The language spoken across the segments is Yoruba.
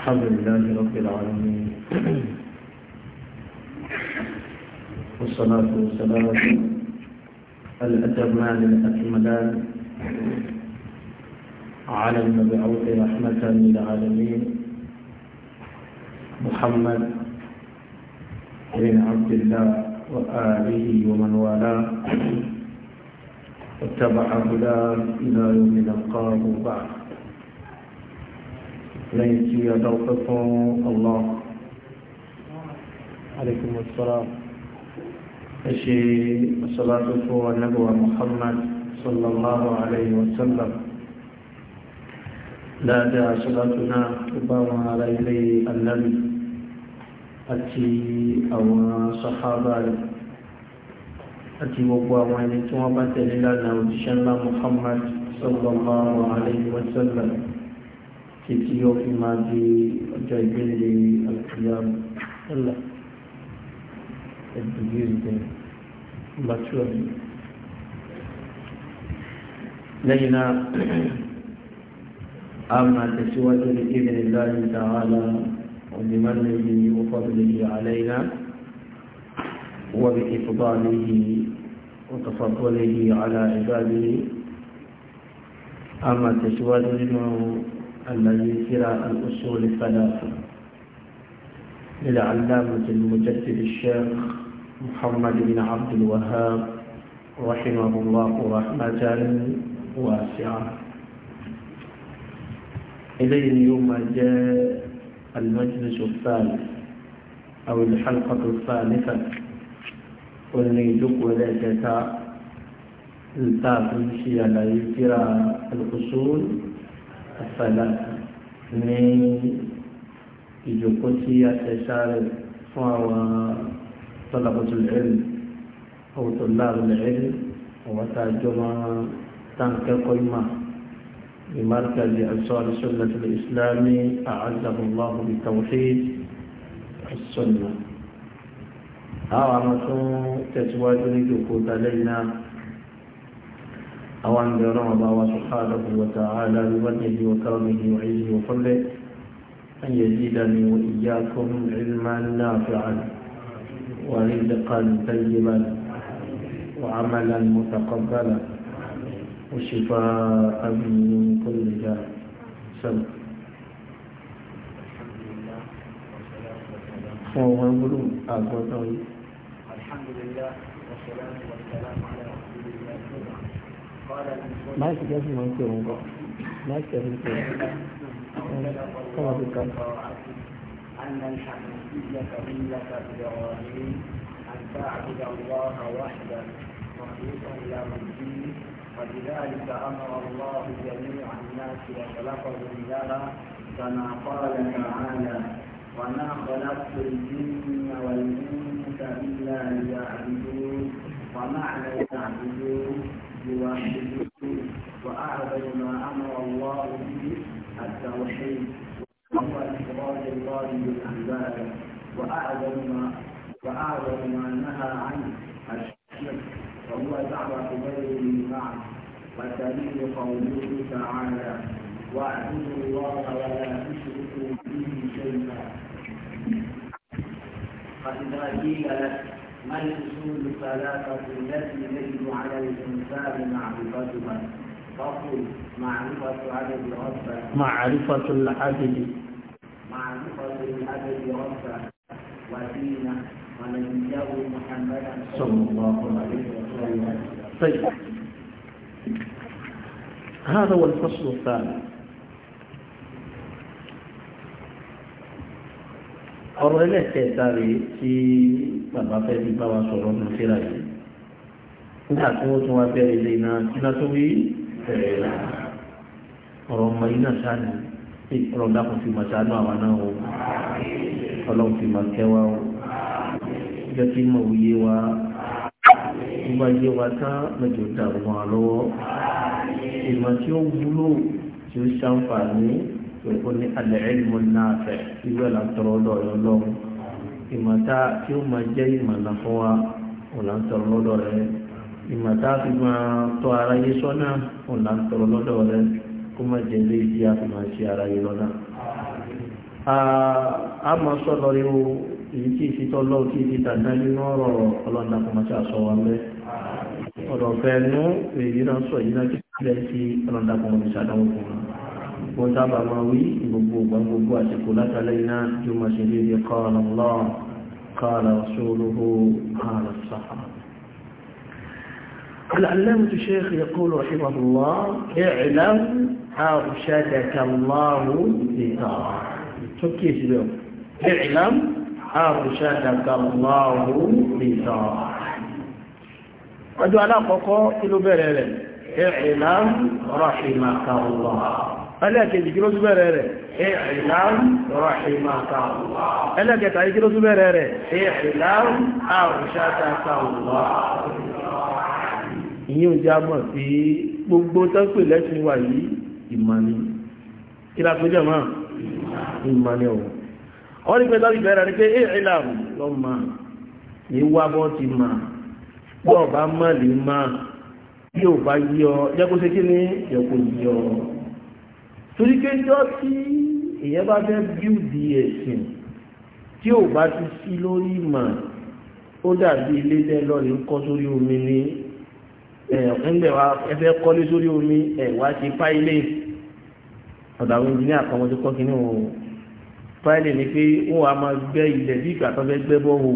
الحمد لله رب العالمين والصلاة والسلام الأتمان الأكملان على المبعوث رحمة للعالمين محمد بن عبد الله وآله ومن والاه واتبع هداه إلى يوم نلقاه بعد ليتي توفقكم الله عليكم السلام أشي صلاتكم النبوة محمد صلى الله عليه وسلم لا دع صلاتنا أبوا على إلي النبي أتي أو صحابة أتي وقوى وإن توابت إلى نوتشان محمد صلى الله عليه وسلم títí yóò fi máa di ọjọ́ ìgbélé alùpùpù ọ̀la ẹ̀dùn yìí jẹ́ gbàtúwà yìí. lẹ́yìn náà a máa tẹ̀síwájú ní ìbẹ̀rẹ̀ láàrin tààlà ọ̀dìmọ́lẹ̀ yìí ó fọ́bìlì yìí àlẹ́yìnà وبإفضاله وتفضله على عباده أما تسواد منه الذي كلا الأصول الثلاثة للعلامة المجدد الشيخ محمد بن عبد الوهاب رحمه الله رحمة واسعة إليه اليوم جاء المجلس الثالث أو الحلقة الثالثة ونيدك ولا الثالث التاقل على يكرى الأصول àfàlà ní ìjòkó tí a ṣe sáré fún àwọn tọ́lábọ̀tò lẹ́rù ọ̀tọ̀ láàrú lẹ́rù àwọn tá a jọ máa tán kẹ́kọ̀ọ́ ìmọ̀ بمركز أنصار سنة الإسلام أعزه الله بالتوحيد السنة àwọn àmọ́ tún tẹ̀síwájú ní ìjòkó tàlẹ́yìn náà àwọn àmì ọlọ́run bá wa subhanahu wa ta'ala bimannihi wa karamihi wa izzihi wa fadlihi an yazidani wa iyyakum ilman nafi'an wa rizqan tayyiban wa amalan mutaqabbalan wa shifaan min kulli da' sẹ́lẹ̀ fún ọmọ ẹgbẹ́rún àgbọ́tọ́ yìí alhamdulillah wa salatu wa salam ما يكفي ما يكفي ما يكفي كما ذكر أن الحنيفية ملة إبراهيم أن تعبد الله وحده مخلوقا له الدين ولذلك أمر الله جميع الناس وخلقهم لها كما قال تعالى وما خلقت الجن والإنس إلا ليعبدون ومعنى يعبدون يوحده وأعظم ما أمر الله به التوحيد وهو إفراد الله بالعبادة وأعظم ما وأعظم ما نهى عنه الشرك وهو دعوة غيره معه وتليل قوله تعالى واعبدوا الله ولا تشركوا به شيئا فإذا قيل لك ما الأصول الثلاثة التي يجب على الإنسان معرفتها؟ فقل معرفة عدد ربه معرفة العدد معرفة العدد ربه ودينه ونبيه محمدا صلى الله عليه وسلم طيب هذا هو الفصل الثالث ọ̀rọ̀ ẹlẹ́kẹta rèé tí bàbá fẹ́ fi bá wa sọ̀rọ̀ nù síra yìí nígbà tí wọ́n tún wá bẹ̀rẹ̀ ilé náà kí náà tó bí bẹ̀rẹ̀ là ọ̀rọ̀ ọmọ yìí náà sáà ní ọ̀rọ̀ dákun fi máa sáà ní àwa náà o ọlọ́run fi máa kẹ́ o jẹ́ kí mọ̀ wúyé wa nígbà yé wa tán mẹ́jọ dàrú wọn lọ́wọ́ ìmọ̀ tí ó wúlò tí ó ṣàǹfààní ó ní alẹ́ ẹ̀lmù náà fẹ̀ ìwé là ń tọrọ lọ́dọ̀ rẹ lọ́wọ́ ìmọ̀ta tí ó máa jẹ́ ìmọ̀lá fún wa ò là ń tọrọ lọ́dọ̀ rẹ ìmọ̀ta fi máa tọ́ ara yé sọ́nà ò là ń tọrọ lọ́dọ̀ rẹ kó má jẹ́ ilé ìdí àfi máa ṣe ara yé lọ́nà. a máa sọ lọ rí o èyí tí ìfitọ́ lọ́wọ́ tí ìfità náà nínú ọ̀rọ̀ ọlọ́dà kò má ṣe àṣọ wa mẹ́ ọ̀rọ̀ fẹ́ẹ́ nú èyí náà وتابع ماوي بقوبة بقوبة شكولة لنا جمع شديد قال الله قال رسوله قال الصحابة العلامة الشيخ يقول رحمه الله اعلم أرشدك الله لتراه تكيس اليوم اعلم أرشدك الله لتراه أدو على فوقه كله بريلين اعلم رحمك الله ẹlẹ́ẹ̀kejì kí ló tún bẹ̀rẹ̀ rẹ̀ ẹlẹ́ẹ̀kẹta kí ló tún bẹ̀rẹ̀ rẹ̀ ìyíò jẹ́ àmọ̀ sí gbogbo tọ́pẹ̀ lẹ́sìn wà yìí ìmọ̀ni kí lápẹ́ jẹ́ máa ìmọ̀ni ọ̀wọ̀ ọ ní pé lọ́rí bẹ̀rẹ̀ ní pé ìrìnlàmù lọ́mà ní wábọ́ ti máa bọ́ọ̀ bá mọ́ lè máa bí bá yí ọ kí ní ẹ̀kọ́ yí torí pé jọ́ tí èyẹ bá fẹ́ bíúdì ẹ̀sìn tí ò bá ti sí lórí ìmọ̀ ó dàbí ilé lẹ́lọ́rin kọ́ sórí omi ní ẹ̀ẹ́dẹ̀ wa ẹ fẹ́ kọ́lé sórí omi ẹ̀wá ti páìlé ọ̀dà àwọn ìjìnlẹ̀ àkọ́mọ́ tó kọ́ kínní òun páìlé ni pé wọ́n á máa gbẹ́ ilẹ̀ bí ìgbà tó fẹ́ gbẹ́ bọ́ọ̀hù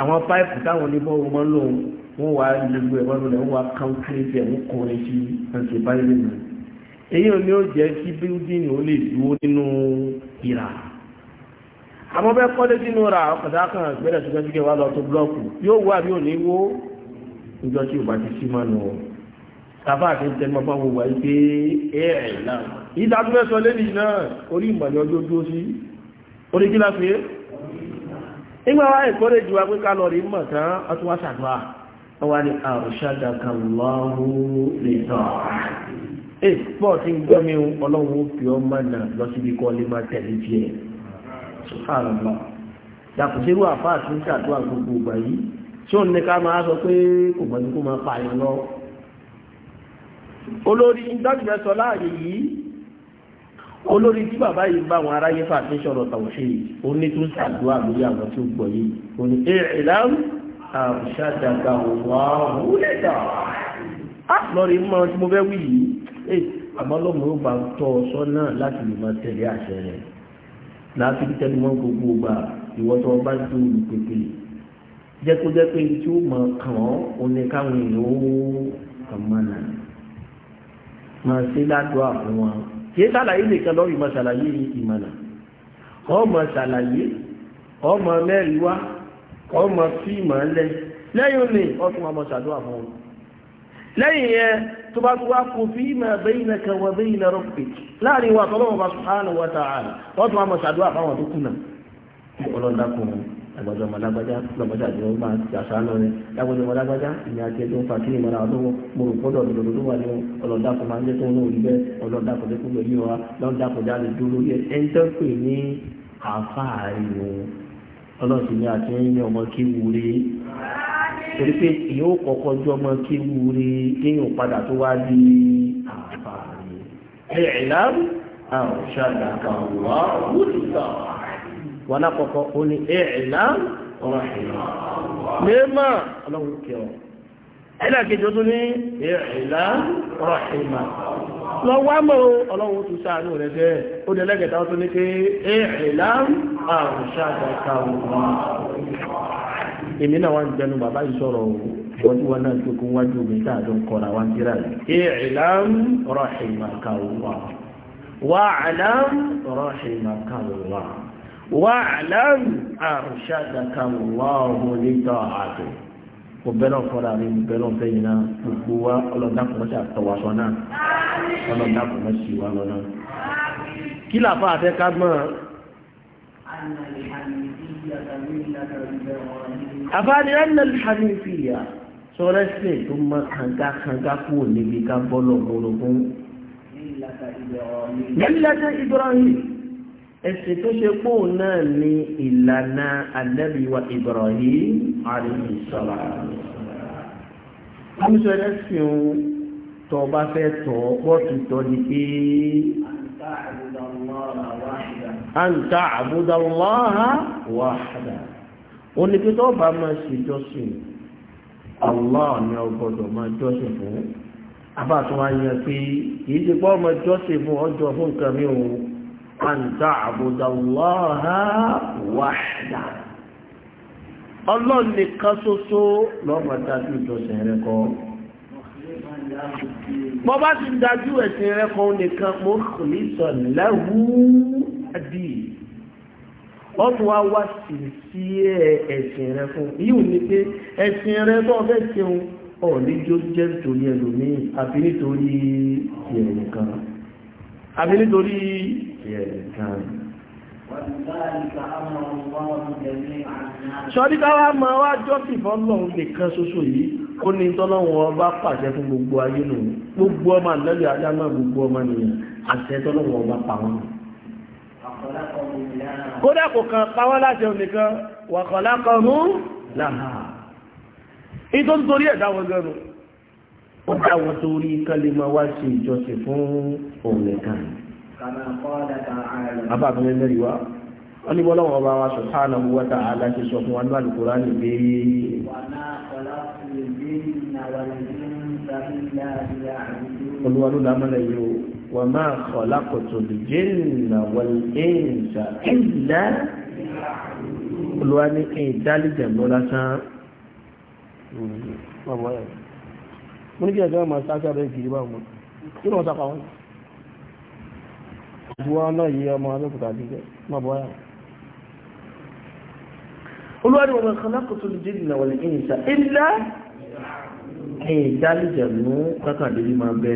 àwọn páìpù táwọn oníbọ̀ọ̀hù mọ́ lòun wọ́n wá gbogbo ẹ̀wọ́n lọ́lẹ̀ wọ́n wá káńkiri tiẹ̀ wọ́n kọrin sí ẹ̀ńtì páìlé náà èyí ni ó jẹ́ kí bíldínì ó lè dúró nínú ìrà àmọ́ bẹ́ẹ̀ kọ́lé sínú ra ọ̀kadà kan gbẹ́dẹ̀ ṣùgbẹ́sùgbẹ́ wà lọ tó blọ́ọ̀kù yóò wà bí ò ní wó níjọ́ tí ò bá ti sí mọ́nu ọ̀ tàbá àti ń tẹnu ọmọ gbogbo àyí pé ẹ̀ẹ̀ náà ìdá tó fẹ́ sọ lẹ́nì náà orí ìmọ̀lẹ́ ọjọ́ dúró sí orí kí láti é nígbà wá ìkọ́lé ju wa pé ká lọ rí mọ̀ tán ọtún wá ṣàdúrà wọn wá ní àrùṣàdàkàlọ́rù lè tọ́ ee pọ̀ tí ń gbọ́ mi ọlọ́run ó fi ọmọ náà lọ síbi kọ́ lè máa tẹ̀lé tiẹ̀ sùhánàmà dàkùsírù àfáà tí ń ṣàdúrà gbogbo ìgbà yìí tí ó ní ká máa sọ pé kò mọ̀ ní kó máa pa àyàn lọ olórí ìdájúdẹ sọ láàyè yìí olórí tí bàbá yìí bá àwọn aráyé fà tí sọ̀rọ̀ tàwọn ṣe yìí ó ní tún ṣàdúrà lórí àwọn tí ó gbọ́ yìí ó ní Eh, àmọ́ lọ́mọ yóò bá tọ́ ọ sọ́nà láti lè máa tẹ̀lé àṣẹ rẹ̀ láti fi tẹnu mọ́ gbogbo gbà ìwọ tó bá ti wù pépè jẹ́ kó jẹ́ pé tí ó mọ̀ kàn ọ́ òní káwọn èèyàn ó kàn máa nà máa ṣe ládùá fún wọn kì í ṣàlàyé nìkan lọ́rùn ìmọ̀ ṣàlàyé ìmọ̀nà ọmọ ṣàlàyé ọmọ mẹ́rin wá ọmọ fíìmọ̀ ńlẹ̀ lẹ́yìn òní ọtún ọmọ ṣàdúrà fún wọn lẹ́yìn yẹn tó bá tó wá kò fi ma baynaka wa bayna rabbik láàrin wa tọ́lọ́wọ́ bá subhanahu wa ta'ala wọ́n tún wá mọ̀ sàdúrà fáwọn tó kùnà ọlọ́dàkùn àgbàjọ ọmọlágbájá lọ́gbàjá àti wọn máa jàṣà lọ́rẹ́ lágbàjọ ọmọlágbájá ìyá àti ẹjọ́ ń fa kí ìmọ̀ra ọdún mo rò pọ́dọ̀ lọ́dọ̀ wà ní ọlọ́dàkùn máa ń jẹ́ tó ń lórí bẹ́ẹ̀ ọlọ́dàkùn lẹ́kùn lórí wa lọ́dàkùn jáde dúró yẹ ẹni tó pè ní àfáàrí wọn ọlọ́sìn ni àti ẹ̀yìn ọmọ kí wúre torí pé èyí ó kọ́kọ́ jọ ọmọ kí wúre kéèyàn padà tó wá di àfààní ẹ̀ẹ́dàm àwòṣàdàkà wà wúlùkà wọn lákọ̀ọ́kọ́ ó ní ẹ̀ẹ́dàm ọ̀rọ̀ ìlà mímọ́ ọlọ́run kẹ́ ọ ẹlẹ́kejì ó tún ní ìrìnlá rọ̀ṣìmà lọ wá mọ́ ọlọ́run tún sáàánú rẹ̀ jẹ́ ó dẹ̀ lẹ́gẹ̀ta ó tún ní pé ìrìnlá àrùnṣàdàkà wọn èmi náà wá ń jẹnu bàbá ìṣọ́rọ̀ mo bẹ́ẹ̀ náà fọ́ra mi mo bẹ́ẹ̀ náà fẹ́ yìí náà gbogbo wa ọlọ́dà kò mọ́ṣẹ́ àtọwàsọ náà ọlọ́dà kò mọ́ṣẹ́ wa lọ náà. kí làbá àfẹ́ ká gbọ́n. àbáni ẹnlẹ́lì hanifiya sọ̀rọ̀ ẹsẹ̀ tó mọ kàńgá kàńgá kú níbi ká bọ́ lọ́gbọ̀ọ́rọ̀ fún. nílẹ̀ Ibrahim ẹ̀sìn tó ṣe pò náà ni ìlànà ànábì wa Ibrahim alayhi salam amúṣọ ẹlẹ́sìn tó bá fẹ́ tọ́ pọ́ọ̀tù tọ́ ni pé an ta'budu Allaha wahda oníkí tó bá máa ṣe jọ́sìn Allah ni ó gbọ́dọ̀ máa jọ́sìn fún abáàtúwáyé pé kìí ṣe pọ́ ọmọ jọ́sìn fún ọjọ́ fún nǹkan mi òun an ta'budu Allaha wahda ọlọ́run nìkan ṣoṣo lọ́mọ dájú ìjọsìn rẹ kọ bọ́ bá ti dájú ẹ̀sìn rẹ kọ nìkan mukhlisan lahu ad-din ọdún wa wá sí sí ẹ̀sìn rẹ fún yíò ní pé ẹ̀sìn rẹ tó ọ̀fẹ́ ṣeun ọ̀ ní jó jẹ́ nítorí ẹlòmíì àfi nítorí ẹ̀rù kan àbí nítorí ṣọ́díká wá ma wá jọ́sì fọ́lọ́run nìkan ṣoṣo yìí kó ní tọ́lọ́wọ́ bá pàṣẹ fún gbogbo ayé nù gbogbo ọmọ àlẹ́lẹ́ ajámọ́ gbogbo ọmọ nìyàn àṣẹ tọ́lọ́wọ́ bá pa wọn kódà kò kan pàwọ́ láti ọ̀ nìkan wàkọ̀lákọ̀ọ́nù láàá ó dáwọn torí kán lè máa wá ṣe ìjọsìn fún òun nìkan. bàbá mi lẹ́rìí wá wọ́n ní bọ́lá wọn bá wa subhanahu wa ta'ala ti sọ fún wa ní Al-Qur'ani pé. olúwa ló dá mọ́lẹ̀ yìí o wa ma khalaqtul jinna wal insa illa olúwa ní kí n dálé jẹ̀mọ́ lásán mo ní kí ẹ̀jẹ̀ máa sáṣẹ́ abẹ́ ìkiri bá wọn kí ni wọ́n sapa wọn. ìdúwọ́ náà yí ọmọ abẹ́kúta díjẹ́ máa bọ́ yàrá. olúwarí wọn kan lákòótó lè dé ìlànà wọlé ẹ̀yìn sá ilá ẹ̀yìn dálìjẹ̀mú kákàndínlẹ́ máa bẹ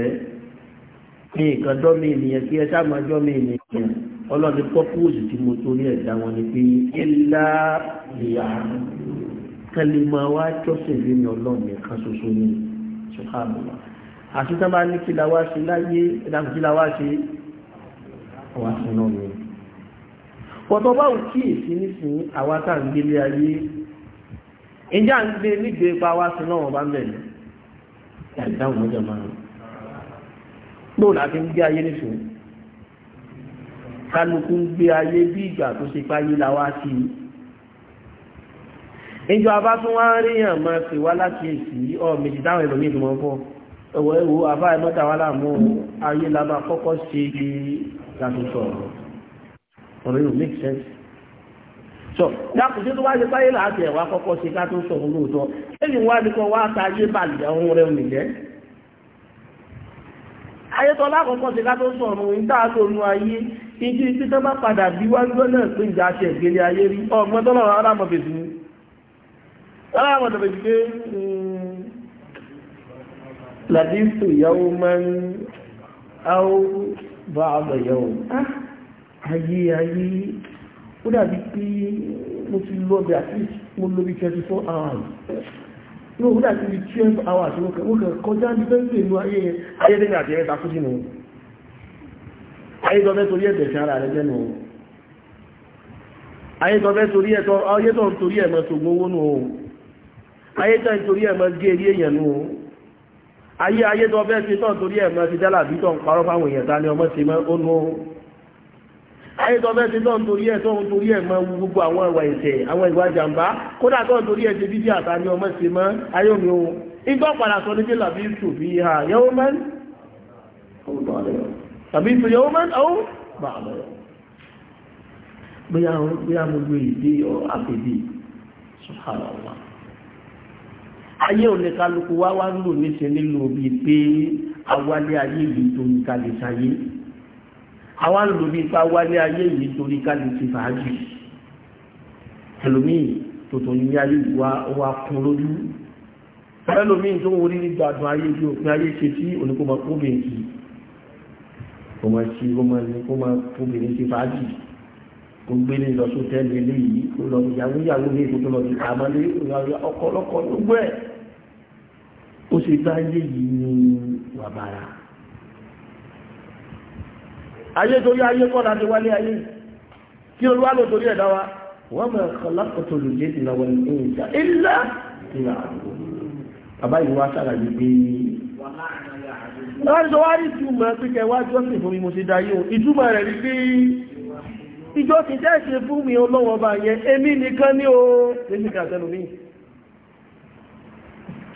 ní nǹkan dọ́mí ènìyàn kí ẹ sáà máa dọ́mí ènìyàn ọlọ́ni pọ́pọ́ọ̀sì tí mo torí ẹ̀dá wọn ni pé ilá ìyá kẹlẹ́ máa wá jọ́sìn lé ní ọlọ́ọ̀nì kan ṣoṣo ni subhanallah àti tán bá ní kí la wá ṣe láyé ìdáhùn kí la wá ṣe wá sí náà ni pọ̀tọ̀ bá ò kí èsì nísìnyí àwa tá à ń gbélé ayé ìjà ń gbé nígbè pa wá sí náà bá ń ìdáhùn mọ́jọ ìjọ abá tún wá ń ríyàn máa fi wá láti èsì ọ méjì táwọn ẹlòmíì tó fọ́ ẹ̀wọ̀ ẹ̀wọ̀ abá ẹ̀mọ́ta wá láàmú ayé lábá kọ́kọ́ ṣe é látúntọ̀ ọ̀rọ̀ ọ̀rọ̀ yóò make sense sọ dákùnjẹ tó wá ṣe báyé láti ẹ̀wà kọ́kọ́ ṣe ká tó sọ̀rọ̀ lóòótọ́ lẹ́yìn wá ní kan wá ta ayé bàlẹ̀ ọ̀hún rẹ̀ nìjẹ́ ayétọ́ lákọ̀ọ́kọ́ ṣe aláwọ̀ tó bẹ̀rẹ̀ pé hmm, làdísù yàwó máa ń áwọ́ bá àbọ̀ yàwó ayé ayé ó dàbí pé mo ti lọ bí àti mo lọ bí 24 hours ní òun dàbí bí 12 hours mo kàn kọjá ní bẹ́ẹ̀ inú ayé ayédèmí àti ẹ̀rẹ́ta kú sínú ayédọ́fẹ́ torí ẹ̀bẹ̀ sí ara rẹ̀ jẹ́nu ayédọ́fẹ́ torí ẹ̀tọ́ ayédọ́ torí ẹ̀mọ́ ṣògbówó nù ohun ayé tán torí ẹ̀ mọ́ gé eré èèyàn nù o ayé ayé tó fẹ́ ṣe tán torí ẹ̀ mọ́ ti dálà bí tán parọ́ fáwọn èèyàn ta ni ọmọ ṣe mọ́ ó nù o ayé tó fẹ́ ṣe tán torí ẹ̀ tán torí ẹ̀ mọ́ gbogbo àwọn ìwà ẹ̀ṣẹ̀ àwọn ìwà jàǹbá kódà tán torí ẹ̀ bí i ha yẹ́wọ́ mọ́ tàbí tù yẹ́wọ́ mọ́ ayé òní kálukú wá wá ń lò níṣẹ́ nílò bíi pé awálé ayé yìí torí ká lè sáyé àwa ń lò bíi pé awálé ayé yìí torí ká lè ti fàájì ẹlòmíì tòtò ní ayé wa wa kún lójú ẹlòmíì tó ń wọlé ní gbàdùn ayé ju òpin ayé ṣe sí oníkóma kóbìnrin kì í kó máa ṣe kó máa kóbìnrin ti fàájì tó gbélé lọ tó tẹ́lẹ̀ léyìí tó lọ ìyàwó ìyàwó ní ètò tó lọ sí àmọ́lé ọkọlọ́kọ gbogbo ẹ̀ ó ṣe gbá ayé yìí ní wàbàrà ayé torí ayé kọ́ láti wálé ayé kí olúwa lò torí ẹ̀dá wa wọ́n mọ̀ ọ̀kọ̀lọ́kọ̀tò lè jẹ́ ìlàwọ̀ ní ìjà ilá ìlà àdúgbò bàbá ìlú wa ṣàlàyé pé wọ́n ti sọ wá ìtumọ̀ pé kẹwàá jọ́sìn fún mi mo ṣe dayé o ìtumọ̀ rẹ̀ rí pé ìjọ ti jẹ́ ṣe fún mi ọlọ́wọ́ bá yẹn èmi nìkan ní o lèmi kàtẹ́lù mi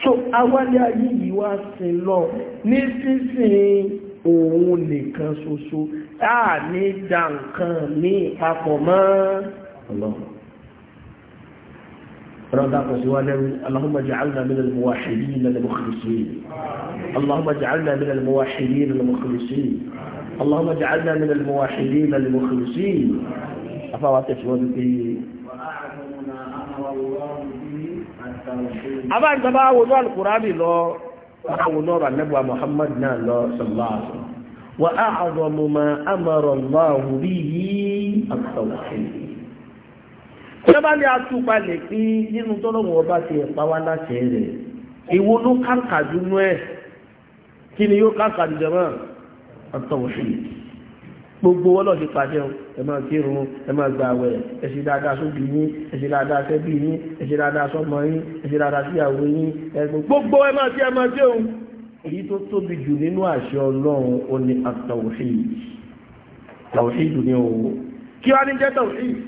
so awálé ayé yìí wá sin lọ ní sísìn òun nìkan ṣoṣo a ní dá nǹkan ní papọ̀ mọ́ ọlọ́run رضاك سوانا اللهم اجعلنا من الموحدين المخلصين اللهم اجعلنا من الموحدين المخلصين اللهم اجعلنا من الموحدين المخلصين أفا تسوان في أبا أنت بقى وضع القرآن لو ونور النبوة محمد نال صلى الله عليه وسلم وأعظم ما أمر الله به التوحيد ìjọba ní atúpalẹ̀ pé nínú tọ́lọ́wọ́ ọba ti ẹ̀pá wá láṣẹ rẹ̀ ìwo ló kàǹkà dúnú ẹ̀ kí ni yóò kàǹkà dùjọba ọ̀tọ̀wọ̀sí gbogbo wọ́n lọ́ọ̀dì pàṣẹ ẹ máa kírun ẹ máa gba àwẹ̀ ẹ ṣe dáadáa sóbì yín ẹ ṣe dáadáa sẹ́bì yín ẹ ṣe dáadáa sọ́mọ yín ẹ ṣe dáadáa síyàwó yín gbogbo ẹ máa tí ẹ máa tí o èyí tó tóbi jù nínú àṣẹ ọlọ́run ó ní àtàwọ̀sí tàwọ̀sí jù ní òun kí wá ní jẹ́ tàwọ̀sí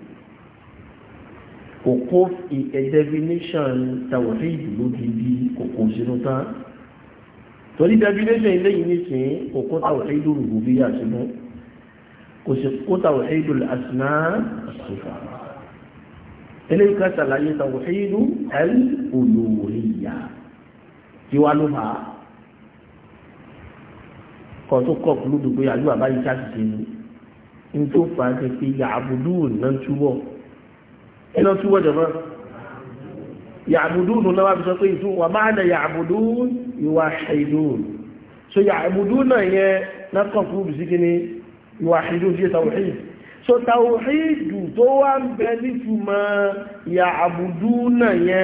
kòkó definition tawhid lódìdí kòkó sínú tán torí definition ilé yìí nìsín kòkó tawhid rububiyyah sínú kò sí kó tawhid al-asma as-sifat eléyìí ká ṣàlàyé tawhid al-uluhiyyah tí wàá ló fà á kọ́ tó kọ́ kúlódùgbò yàrá àbáyé ká sì ṣe ní ní tó fà á ti fi ya'budun náà túbọ̀ iná túwọ́ jọmọ́ yàbùdúnù lọ́wọ́ fi sọ pé ìtún wà máa nà yàbùdún ìwà ṣàìdún so yàbùdún náà yẹ lọ́kàn fún bí síkí ní ìwà ṣàìdún sí tàwùhíd so tàwùhídù tó wá ń bẹ nítumọ̀ yàbùdún náà yẹ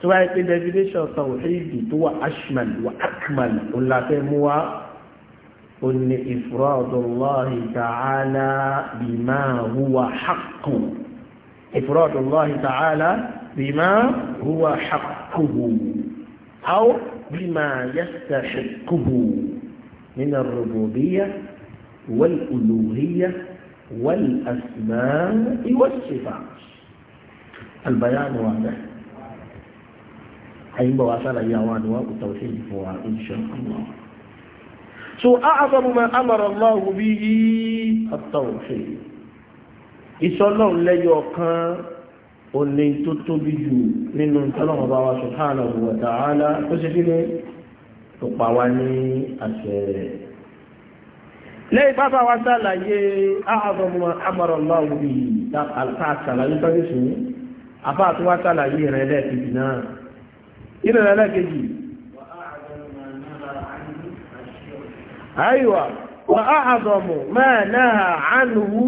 tí wáyé pé definition tawhid tó wà ashmal wà akmal ńlá fẹ́ mú wa ó ní ifradullahi ta'ala bima huwa haqqun ifradullahi ta'ala bima huwa haqquhu aw bima yastahiqquhu min ar-rububiyyah والألوهية والأسماء والصفات البيان واضح àyínbọ̀ wa sálàyé àwọn àdúwà òtà òsìn ìfọ̀ wa insha Allah so a'zamu ma amara Allahu bihi at-tawhid ìsọlọ́run lẹ́yọ kan òní tó tóbi jù nínú tọ́lọ́mọ bá wa subhanahu wa ta'ala ó ṣe kí ni tó pa wá ní àṣẹ rẹ̀ lẹ́yìn bábá wa sálàyé a'zamu ma amara Allahu bihi tá àṣàlàyé tọ́jú sí afáàtúwá sálàyé rẹ̀ lẹ́ẹ̀kejì náà kí lọ́nà alákejì àìwà wà áàdọ̀mù máa náà ánúhú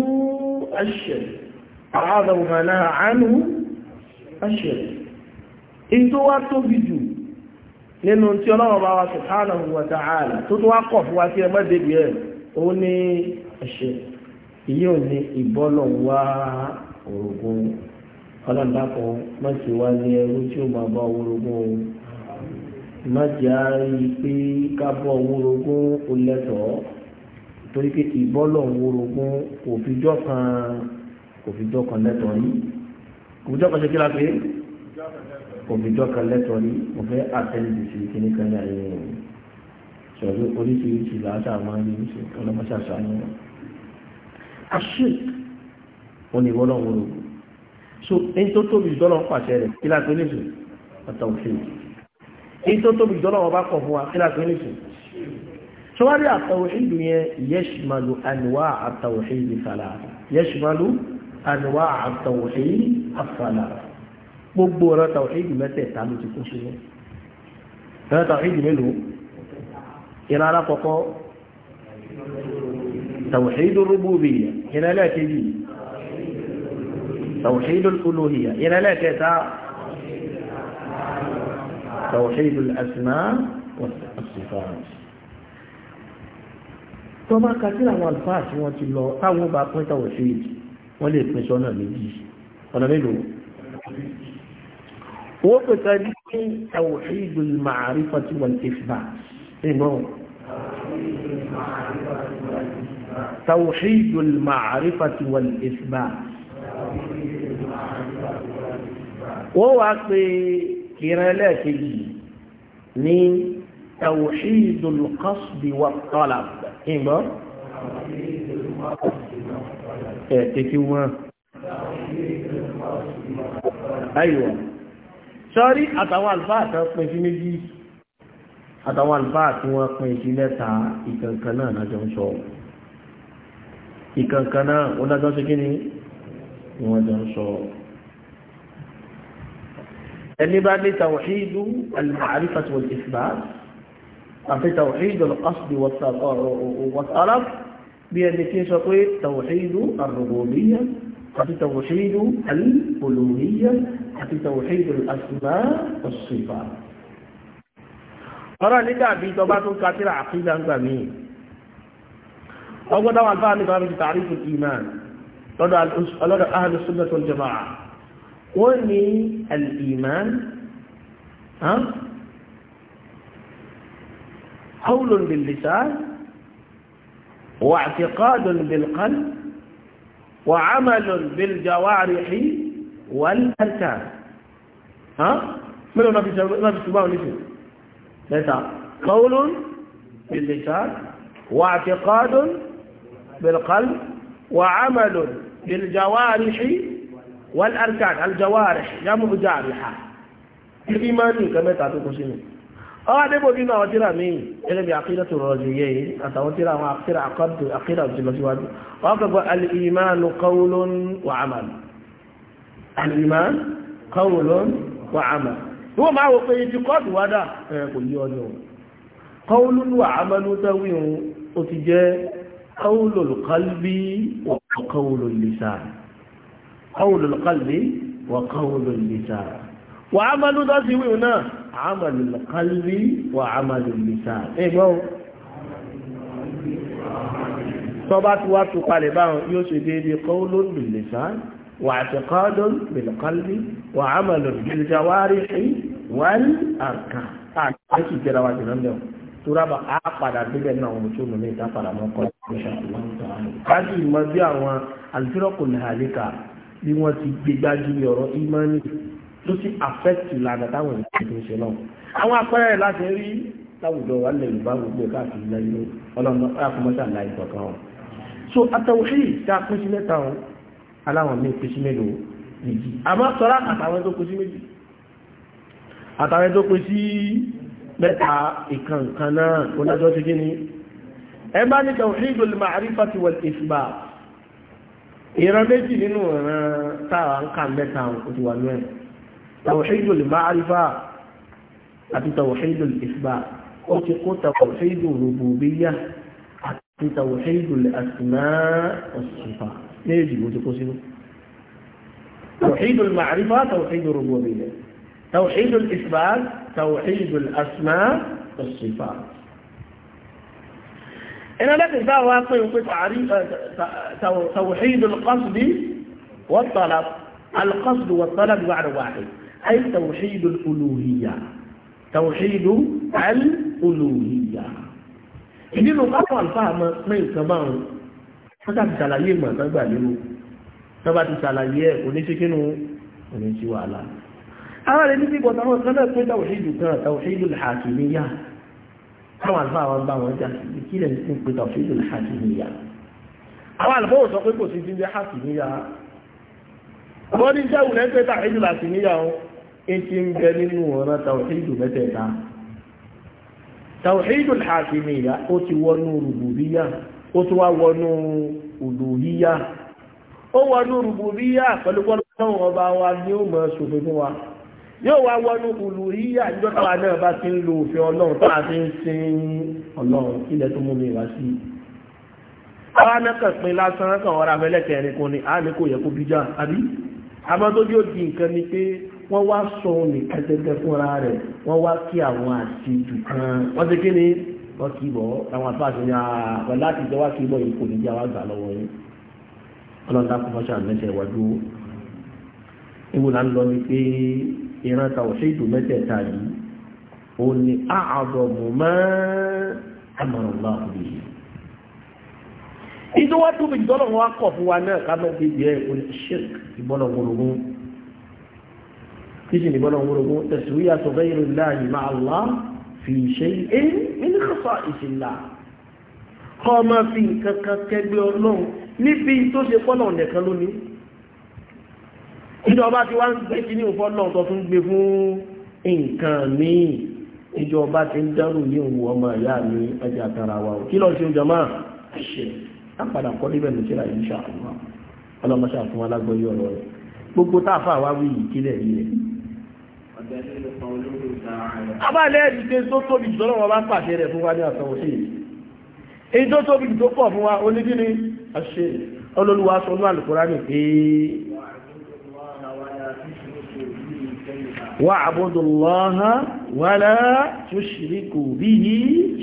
aṣẹ̀rẹ̀ àádọ̀mù máa ma ánúhú aṣẹ̀rẹ̀ in tó wá tóbi jù nínú tí ọlọ́wọ́ wa subhanahu wa ta'ala tó tó wá kọ̀ wa ọlọ́dàpọ̀ má sì wá ní ẹrú tí ó máa bá owórogún o má jẹ́ àárí pé ká bọ́ owórogún o lẹ́tọ̀ọ́ torí pé ìbọ́lọ̀ owórogún kò fi jọ́ kan kò fi jọ́ kan lẹ́tọ̀ọ́ rí kò fi jọ́ kan ṣe kí la pé kò fi jọ́ kan lẹ́tọ̀ọ́ rí mo fẹ́ àtẹ́lẹ́dì sí kíní kan ní ayé rẹ̀ sọ̀rọ̀ oríṣiríṣi làásà máa ń yí ọlọ́mọṣàṣà yẹn. àṣìk ó ní ìbọ́lọ̀ owórogún so in tó tóbi ìdọ́lọ̀ ń pàṣẹ rẹ̀ kí láti oníṣù ọ̀tọ̀ òfin in tó tóbi ìdọ́lọ̀ ọba kọ̀ fún wa kí láti oníṣù so wá rí àtàwòṣìlú yẹn yẹ́ṣìmàlú àníwá àtàwòṣìlú fàlà yẹ́ṣìmàlú àníwá àtàwòṣìlú àfàlà gbogbo ọ̀rọ̀ tàwòṣìlú mẹ́tẹ̀ẹ̀ta ló ti kún sínú ọ̀rọ̀ tàwòṣìlú mélòó ìran alákọ̀ọ́kọ́ tàwòṣìlú rúbùbìyà ìran ẹlẹ́ẹ̀kejì توحيد الألوهية إلى لا كتا توحيد الأسماء والصفات ثم bá ka sí àwọn alfáà tí wọ́n ti lọ táwọn bá pín tàwọn توحيد المعرفة والإثبات إمام توحيد المعرفة والإثبات wọ́n wá pé ìran ẹlẹ́ẹ̀kejì ní tawhidul qasdi wa talab ìgbọ́ ẹ̀ẹ̀kejì wọn ayíwọ̀ sọ́rí àtàwọn àlùfáà kan pín sí méjì àtàwọn àlùfáà tí wọ́n pín sí mẹ́ta ìkankan náà lájọ ń sọ ìkankan náà ó lájọ́ sí kí ni wọ́n jọ ń sọ اللي بعد توحيد المعرفة والإثبات في توحيد القصد والطلب بيديك شطير توحيد الربوبية في توحيد الألوهية في توحيد الأسماء والصفات ara nika bi to ba tun ka tira aqida nga mi ogo da wa fa ni won الإيمان ها؟ قول باللسان واعتقاد بالقلب وعمل بالجوارح والأركان ها من ما في ما في سباع نسي ليس قول باللسان واعتقاد بالقلب وعمل بالجوارح wal arkan aljawarih yamu jariha imani nǹkan mẹ́ta tó kún sínú ọwọ́ adébòbí náà tíra mi ẹgbẹ́ bí àkídà tó rọrọ̀ yẹ yìí àtàwọn tíra àwọn àkídà àkọ́dù àkídà òjì lọ síwájú wọ́n kọ́gbọ́ alìmánu qawlun wa amal alìmánu qawlun wa amal wọ́n máa wọ pé ti kọ́ọ̀tù wádà kò yí ọjọ́ qawlun wa amalu tẹ́wì ó ti jẹ́ qawlul qalbi wa qawlul lisan qawlul qalbi wa qawlul lisan wà á máa ló dá sí wíwù náà amalul qalbi wa amalul lisan ẹgbọ́n tó bá ti wá tó palẹ̀ báwọn yóò ṣe déédéé qawlun bil lisan wà i'tiqadun bil qalbi wà amalun bil jawarihi wal arkan àti ìjẹra wa jùlọ lẹ́wọ̀n turaba a padà débẹ̀ náà wọn tó nùmí ìta padà mọ́ kọ́ káàdì ìmọ̀ bí àwọn alifirọ́kùnrin àlíkà bí wọ́n ti gbé gbájú ọ̀rọ̀ ìmánì ló ti affect ìlànà táwọn ìlànà tó ń ṣe náà àwọn apẹ́rẹ́ láti rí láwùjọ wà lè bá gbogbo káàkiri lẹ́yìn ọlọ́mọ akọmọṣà láì kọ̀ọ̀kan wọn. so àtàwùsí tá a pín sí mẹ́ta wọn aláwọn míì pín sí mélòó méjì àmọ́ sọ́ra àtàwọn tó pín sí méjì àtàwọn tó pín sí mẹ́ta ìkànkan náà onájọ́ ti kí ni ẹ bá ní tàwùsí ìdòlùmọ̀ àrífàtiwọ̀l ìsìbáà ìran méjì nínú ìran táwa ń kà mẹ́ta òkúti wà lóẹ̀ tàwọ̀ṣídùn lè máa rífà àti tàwọ̀ṣídùn lè fìbà ó ti kó rògbò bí yá àti tàwọ̀ṣídùn lè àsìmá ọ̀sùnfà méjì ló ti kó sínú tàwọ̀ṣídùn màrífà tàwọ̀ṣídùn rògbòbíyà tàwọ̀ṣídùn ìfìbà tàwọ̀ṣídùn àsìmá ọ̀sùnfà iná lẹ́tẹ̀ bá wá pé wípé tàwùhídù alqasdi wọ́tọ̀lá alqasdi wọ́tọ̀lá bí wàhálà wàhálà ay tàwùhídù olùhìyà tàwùhídù olùhìyà ìdínú kápọ̀ alfáàmọ́ pé nǹkan bá wọn wọ́n tàbí ṣàlàyé ìmọ̀ àtàgbà lérò wọ́n bá ti ṣàlàyé ẹ̀ oníṣekínú oníṣíwàlá àwọn ẹni bí bọ̀tàwọn kan náà pé tàwùhídù kan tàwùhídù alhàkìmíyà táwọn àlùfáà wọn bá wọn jà kí lè ní pé tàwọn fídíò lè hàtì níyà àwọn àlùfáà wọn sọ pé kò sí ti jẹ́ hàtì níyà wọ́n ní jẹ́ òun ẹgbẹ́ tàwọn fídíò hàtì níyà wọn ètí ń bẹ nínú ọ̀rọ̀ tàwọn fídíò mẹ́tẹ̀ẹ̀ta tàwíìdù al-hàkìmíyà ó ti wọnú rùbùbíyà ó ti wá wọnú uluhiyya ó wọnú rùbùbíyà pẹ̀lú pọ́lọ́wọ́ ọba wa ní ó mọ̀ ṣòfin fún wa yóò wá wọnú òlù yíyà ìjọba náà bá ti ń lo òfin ọlọ́run tó a ti ń sin ọlọ́run ilẹ̀ tó mú mi wá sí i àwọn anẹ́kànpin lásán kan ọ̀rọ̀ abẹ́lẹ́kẹ̀ ẹ̀rin kan ni a ní kò yẹ kó bíjá àbí àmọ́ tó bí ó di nǹkan ni pé wọ́n wá sọ nìkan tẹ́tẹ́ fúnra rẹ̀ wọ́n wá kí àwọn àṣejù kan wọ́n ti kí ni wọ́n kì í bọ̀ àwọn àfáàṣe ní àpẹ láti jẹ́ wá kí bọ̀ yìí kò ní jẹ́ wá ìran tàwọ̀ṣẹ́dù mẹ́tẹ̀ẹ̀ta yìí ó ní àádọ́mù mọ́ àmọ̀rànlá òbí yìí ìdí wá tóbi ìdọ́lọ̀ wọn kọ̀ fún wa náà ká mẹ́tẹ̀ẹ́ bí ẹ ò ní ṣírk ìbọ́lọ̀ wọ́rọ̀gún kíṣì ní ìbọ́lọ̀ wọ́rọ̀gún tẹ̀síwíyà tó bẹ́ ìrìn láàyè máa lá fi ṣe é nínú kọ́sà ìṣìlá kọ́ máa fi nǹkan kan kẹgbẹ́ ọlọ́run níbi tó ṣe pọ́lọ̀ nìkan lónìí ìjọba ti wá ń gbé kí ní òfò náà tó tún gbé fún nǹkan míì ìjọba ti ń dárò ní òun ọmọ ìyá mi ẹja tara wa kí lọ sí ọjọ́ máa ṣe àpàdà kọ́ níbẹ̀ ní síra yìí ṣàkóso ọlọ́mọṣà fún alágbọ́yé ọ̀rọ̀ rẹ̀ gbogbo táàfà wá wí yìí kílẹ̀ yìí rẹ̀. abáàlẹ́ ìdíje tó tóbi jù lọ́wọ́ bá pàṣẹ rẹ̀ fún wa ní àtọ̀wọ̀ sí i èyí tó tóbi jù tó pọ̀ fún wa onídìrí àṣẹ ọlọ́luwa واعبدوا الله ولا تشركوا به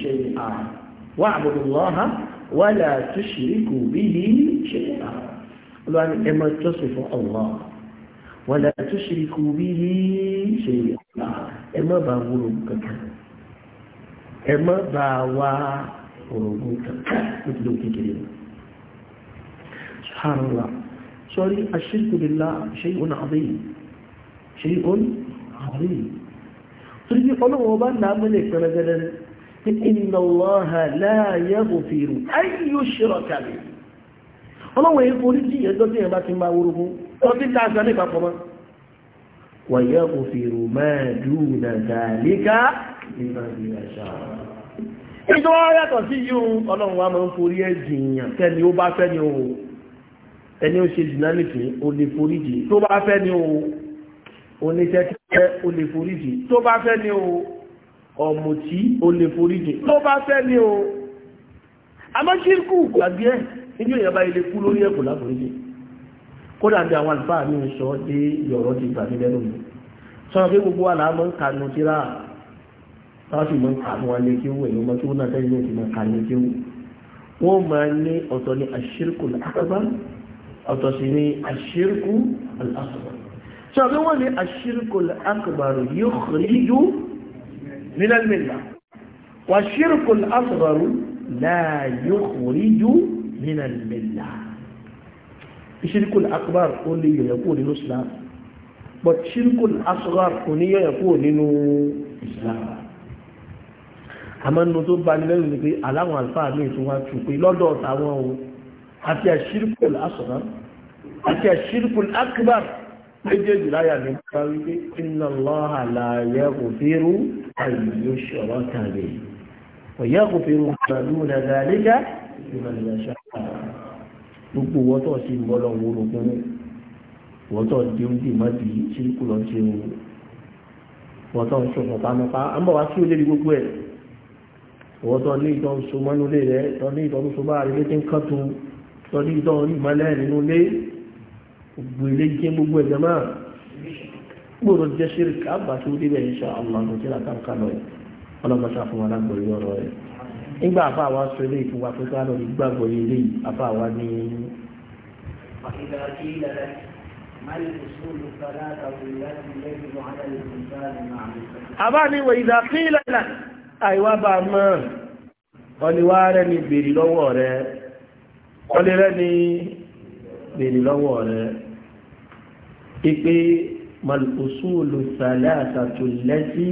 شيئا واعبدوا الله ولا تشركوا به شيئا قالوا اما تصف الله ولا تشركوا به شيئا اما باغورو كك اما باوا ورغو كك مثلو كده سبحان الله سوري الشرك بالله شيء عظيم شيء عظيم تريد قلوه بنا من يكرجل إن الله لا يغفر أن يشرك به ọlọ́wọ̀ èyí forí jí ẹjọ́ tí ẹ̀bá ti máa wúrúgún tó tí láàrín ní papọ̀ mọ́ wàyẹ́ òfèrò mẹ́ẹ̀dú nàìjíríà ìrìnàjò ìjọ yàtọ̀ sí yíò ọlọ́run wa máa ń forí ẹ̀jìyàn tẹ́ni ó bá fẹ́ ni ó ẹni ó ṣe jìnnà nìkan ó lè forí jì tó bá fẹ́ ni ó oníṣẹ́ tí fẹ́ o lè foríjì tó bá fẹ́ ni o ọ̀mùtí o lè foríjì tó bá fẹ́ ni o amáṣíkù gbàgbé ẹ̀ níbi èèyàn bá ilé kú lórí ẹ̀kọ́ láforíjì kódà bí àwọn àlùfáà mi ń sọ dé yọ̀rọ̀ ti gbà mí lẹ́nu mi sọ́nà pé gbogbo wa làá ń kanu tíra táwọn sì mọ́ ń kanu wọn lé kí wọ́n èèyàn mọ́ tí wọ́n náà tẹ́lẹ̀ ti mọ́ kanu kí wọ́n wọ́n máa ní ọ̀tọ̀ ní àṣírkù al ọ̀tọ̀ sì ní àṣírkù al ṣàbí wọ́n ni àṣírkùl akbaru yukhriju min al-milla wà ṣírkùl asgharu la yukhriju min al-milla ṣírkùl akbaru ó lè yẹ̀yẹ̀ kúrò nínú islam but ṣírkùl asgharu kò ní yẹ̀yẹ̀ kúrò nínú islam àmọ́ nínú tó bá nílẹ̀ ní pé aláwọn àlfáà ní ìtún wá tù pé lọ́dọ̀ táwọn o àti àṣírkùl asgharu àti àṣírkùl akbar méjèèjì láyà ní ká wípé iná lọ́hà láàyè kò fírú àyè ṣọ̀rọ̀ tàbí ọ̀yẹ́ kò pẹ̀lú nàìjíríà ìrìnàlẹ̀ ṣáà gbogbo wọ́tọ̀ sí ń bọ́lọ̀ wúrò wọ́tọ̀ dé ń dì mọ́tì síríkù lọ sí wọ́tọ̀ ń sọ̀tọ̀ ń bọ̀ wá sí olè gbogbo ẹ̀ wọ́tọ̀ ní ìtọ́ ń so mọ́nú lé rẹ̀ tọ́ ní ìtọ́ ń so bá àrílé tí ń tọ́ ní ìtọ́ ń rí mọ́lẹ́ nínú lé gbogbo ilé jẹ́ gbogbo ẹ̀jẹ̀ máa gbòòrò jẹ́ ṣíríkì àgbà tó débẹ̀ insha Allah ló jẹ́ àtàkà lọ ọlọ́mọṣà fún wa lágbòrí ọ̀rọ̀ rẹ̀ nígbà àfa àwa sọ ilé wa ká lọ gbàgbọ́ ilé àfa àwa ní. ni wọ̀ ìdá lẹ́la àìwá bá a mọ̀ rẹ̀ lọ́wọ́ rẹ̀ ipe malkusulu salasatu lẹ́tí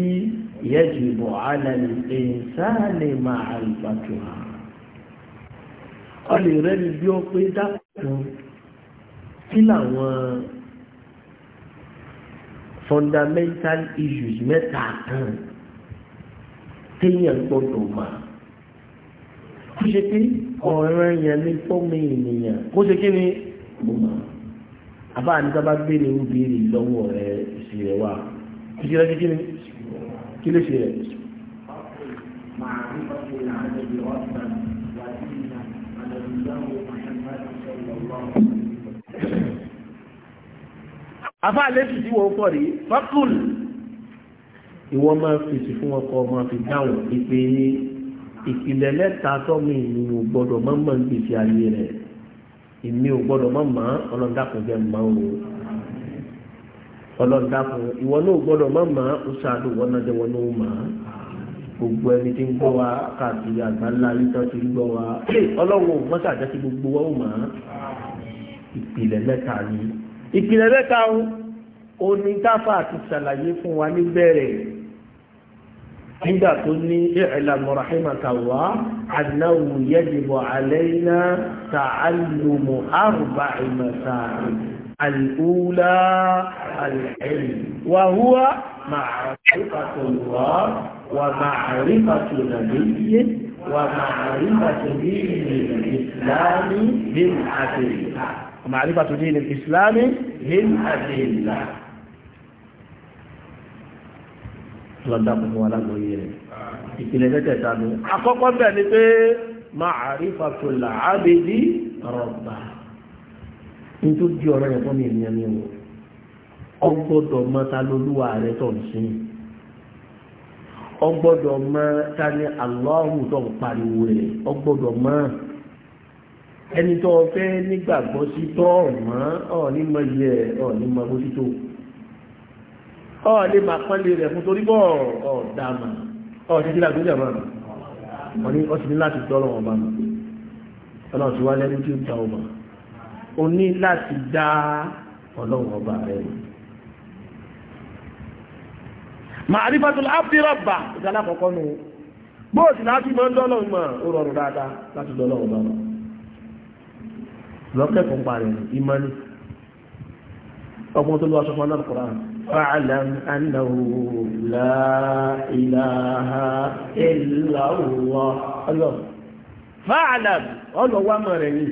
yẹ́jìbọ̀ alàlì ìsáàlì máa àlùfàtù ha ọlè rẹ̀ ni bí ó pé dákùn kí làwọn fundamental issues mẹ́ta kan téèyàn gbọ́dọ̀ mọ̀ kó ṣe pé ọ̀ràn yẹn ní fọ́ọ̀mù ènìyàn kó ṣe kí ni mo mọ̀ àbá àníkà bá béèrè ń béèrè lọ́wọ́ rẹ̀ èsì rẹ̀ wà kí ló kí ni kí ló ṣe rẹ̀. àbá àlejò tí wọ́n kọ̀ rí fákùl ìwọ máa fèsì fún ọkọ máa fi dáhùn ìpè ìpìlẹ̀ lẹ́ta tọ́mì ìlú gbọ́dọ̀ máa ń ń gbèsè ayé rẹ̀. ìmí ò gbọ́dọ̀ mọ́ màá ọlọ́dàkùn jẹ́ màá o ọlọ́dàkùn ìwọ náà ò gbọ́dọ̀ mọ́ màá ó ṣáàdù wọn náà jẹ́ wọn náà màá gbogbo ẹni tí ń gbọ́ wa káàkiri àgbáńlá yíká ti ń gbọ wa gbogbo wa màá ni o ṣàlàyé fún wa عند كل اعلم رحمك الله انه يجب علينا تعلم اربع مسائل الاولى العلم وهو معرفه الله ومعرفه نبي ومعرفه دين الاسلام بالادله معرفه دين الاسلام بالادله lọ́dà fún wa lágbóyè rẹ̀ ìpìlẹ̀ mẹ́tẹ̀ẹ̀ta ni àkọ́kọ́ bẹ̀ ni pé ma'rifatul abdi rabba nítorí di ọ̀rọ̀ yẹn fún mi ìrìn àmì wọn ọgbọ́dọ̀ mọ ta lolúwa rẹ tó ń sìn ọgbọ́dọ̀ mọ ta ni Allahu tó ń pariwo rẹ ọgbọ́dọ̀ mọ ẹni tó fẹ́ nígbàgbọ́ sí tọ́ ọ̀mọ́ ọ̀ ní mọ yẹ ọ̀ ní mọ bó sí tó ọ̀lẹ́ máa pánlé rẹ̀ fún torí bọ́ ọ̀dàmà ọ̀dẹ́ tí láti jẹ́mà ọ̀ní ọ̀sìn láti tọ́lọ̀ ọba ọlọ́run ti wá lẹ́nu tí ó ta ọba o ní láti dá ọlọ́run ọba rẹ̀ ma'rifatul abdi rabba ìjálá kọ̀ọ̀kọ́ nù bóòtì láti mọ́ dọ́lọ̀ mọ̀ ó rọrùn dáadáa láti dọ́lọ̀ ọba lọ́kẹ́kọ̀ọ́ parẹ̀ ìmọ̀ ni ọgbọ́n tó lọ́wọ́ sọ fún ọlọ́run kọ̀ọ̀rọ̀ فاعلم أنه لا إله إلا الله الله فاعلم الله هو أمرني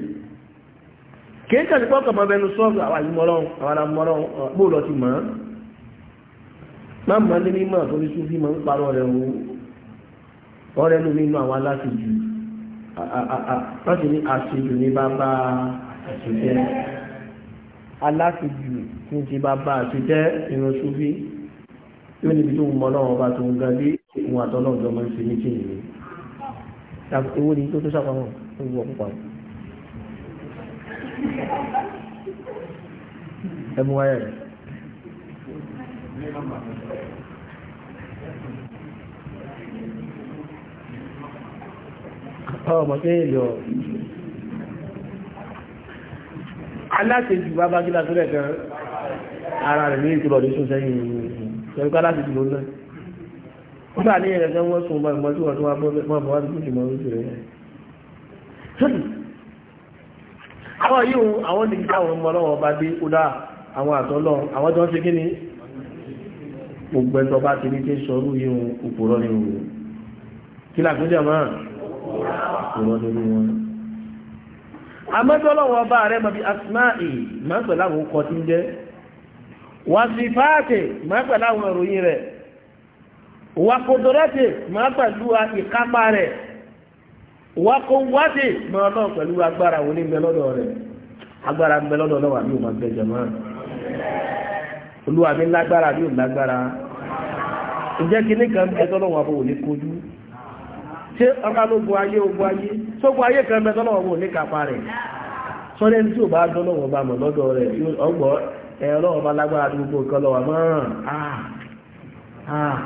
kìí kàtí pọ́kà mọ́ bẹnu sọ́ọ̀rọ̀ àwọn àìmọ́ràn àwọn àmọ́ràn bóòlọ́ ti mọ́ máa mọ́ lé mímọ̀ tó ní súnfí mọ́ ń parọ́ rẹ̀ ohun ọ̀rẹ́ nínú inú àwọn aláṣejù láti ní àṣejù ní bá bá àṣejù aláfijù ní ti bàbá àti jẹ́ irun ṣúfí tí ó níbi tó mọ́ lọ́wọ́ bá tó ń ga bí ìwọ̀n àtọ́lọ́jọ́ máa ń ṣe ní kíni rẹ̀ owó ni tó tó sápamọ́ tó wọ púpà ẹmú aláṣejù bá bá gílá sílẹ̀ kan ara rẹ̀ ní ìtura ọ̀dẹ́ sún sẹ́yìn ìrìn ká láti dùn lọ́nà nígbà ní ẹ̀rẹ̀ kan wọ́n sùn bá ìmọ̀ tí wọ́n tún wá bọ́ wá dúkú ìmọ̀ orí rẹ̀ àwọn yìí àwọn nìyí táwọn ọmọ ọlọ́wọ́ bá dé ó dá àwọn àtọ́lọ́ àwọn tó ń ṣe kí ni gbogbo ẹ̀tọ́ bá ti ní tí ń sọrú yìí òpòrọ́ nínú rẹ̀ kí làkúnjẹ̀ máa òpòrọ́ nínú wọn amẹ́tọ́lọ́wọ́ bá rẹ̀ mọ̀ bí asmáì máa pẹ̀lú àwọn ọkọ̀ tí ń jẹ́ wàsífáàtì máa pẹ̀lú àwọn ìròyìn rẹ̀ wàkòdọ́rẹ́tì máa pẹ̀lú ìkápá rẹ̀ wàkòwátì máa lọ pẹ̀lú agbára wọlé mẹ́lọ́dọ̀ rẹ̀ agbára mẹ́lọ́dọ̀ náà wà ní òmà gbẹ̀jẹ̀ máa olúwa mi lágbára ní òlágbára ìjẹ́ kí ní ṣé ọba ló bu ayé ogun ayé tó bu ayé kan mẹ́tọ́ lọ́wọ́ wọn ní kápá rẹ̀ sọ́dẹ́ tí ò bá dán lọ́wọ́ bá mọ̀ lọ́dọ̀ rẹ̀ ọgbọ́ ẹ ọlọ́wọ́ bá lágbára tó gbogbo nǹkan lọ́wọ́ mọ́ràn ah, ah.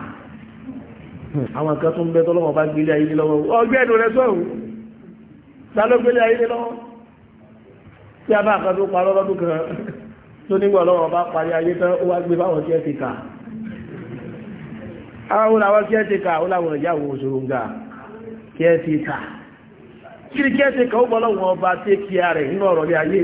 àwọn kan tó ń bẹ́ tọ́lọ́wọ́ bá gbélé ayé lọ́wọ́ ọgbẹ́nu rẹ̀ sọ́run ta ló gbélé ayé lọ́wọ́ tí a bá kan tó parọ́ lọ́dún kan tó nígbà ọlọ́wọ́ bá parí ayé tán ó kẹ́ẹ̀tẹ́ta kí ni kẹ́ẹ̀tẹ́ kan ó gbọ́ lọ́wọ́ ọba tí kí a rẹ̀ nínú ọ̀rọ̀ ní ayé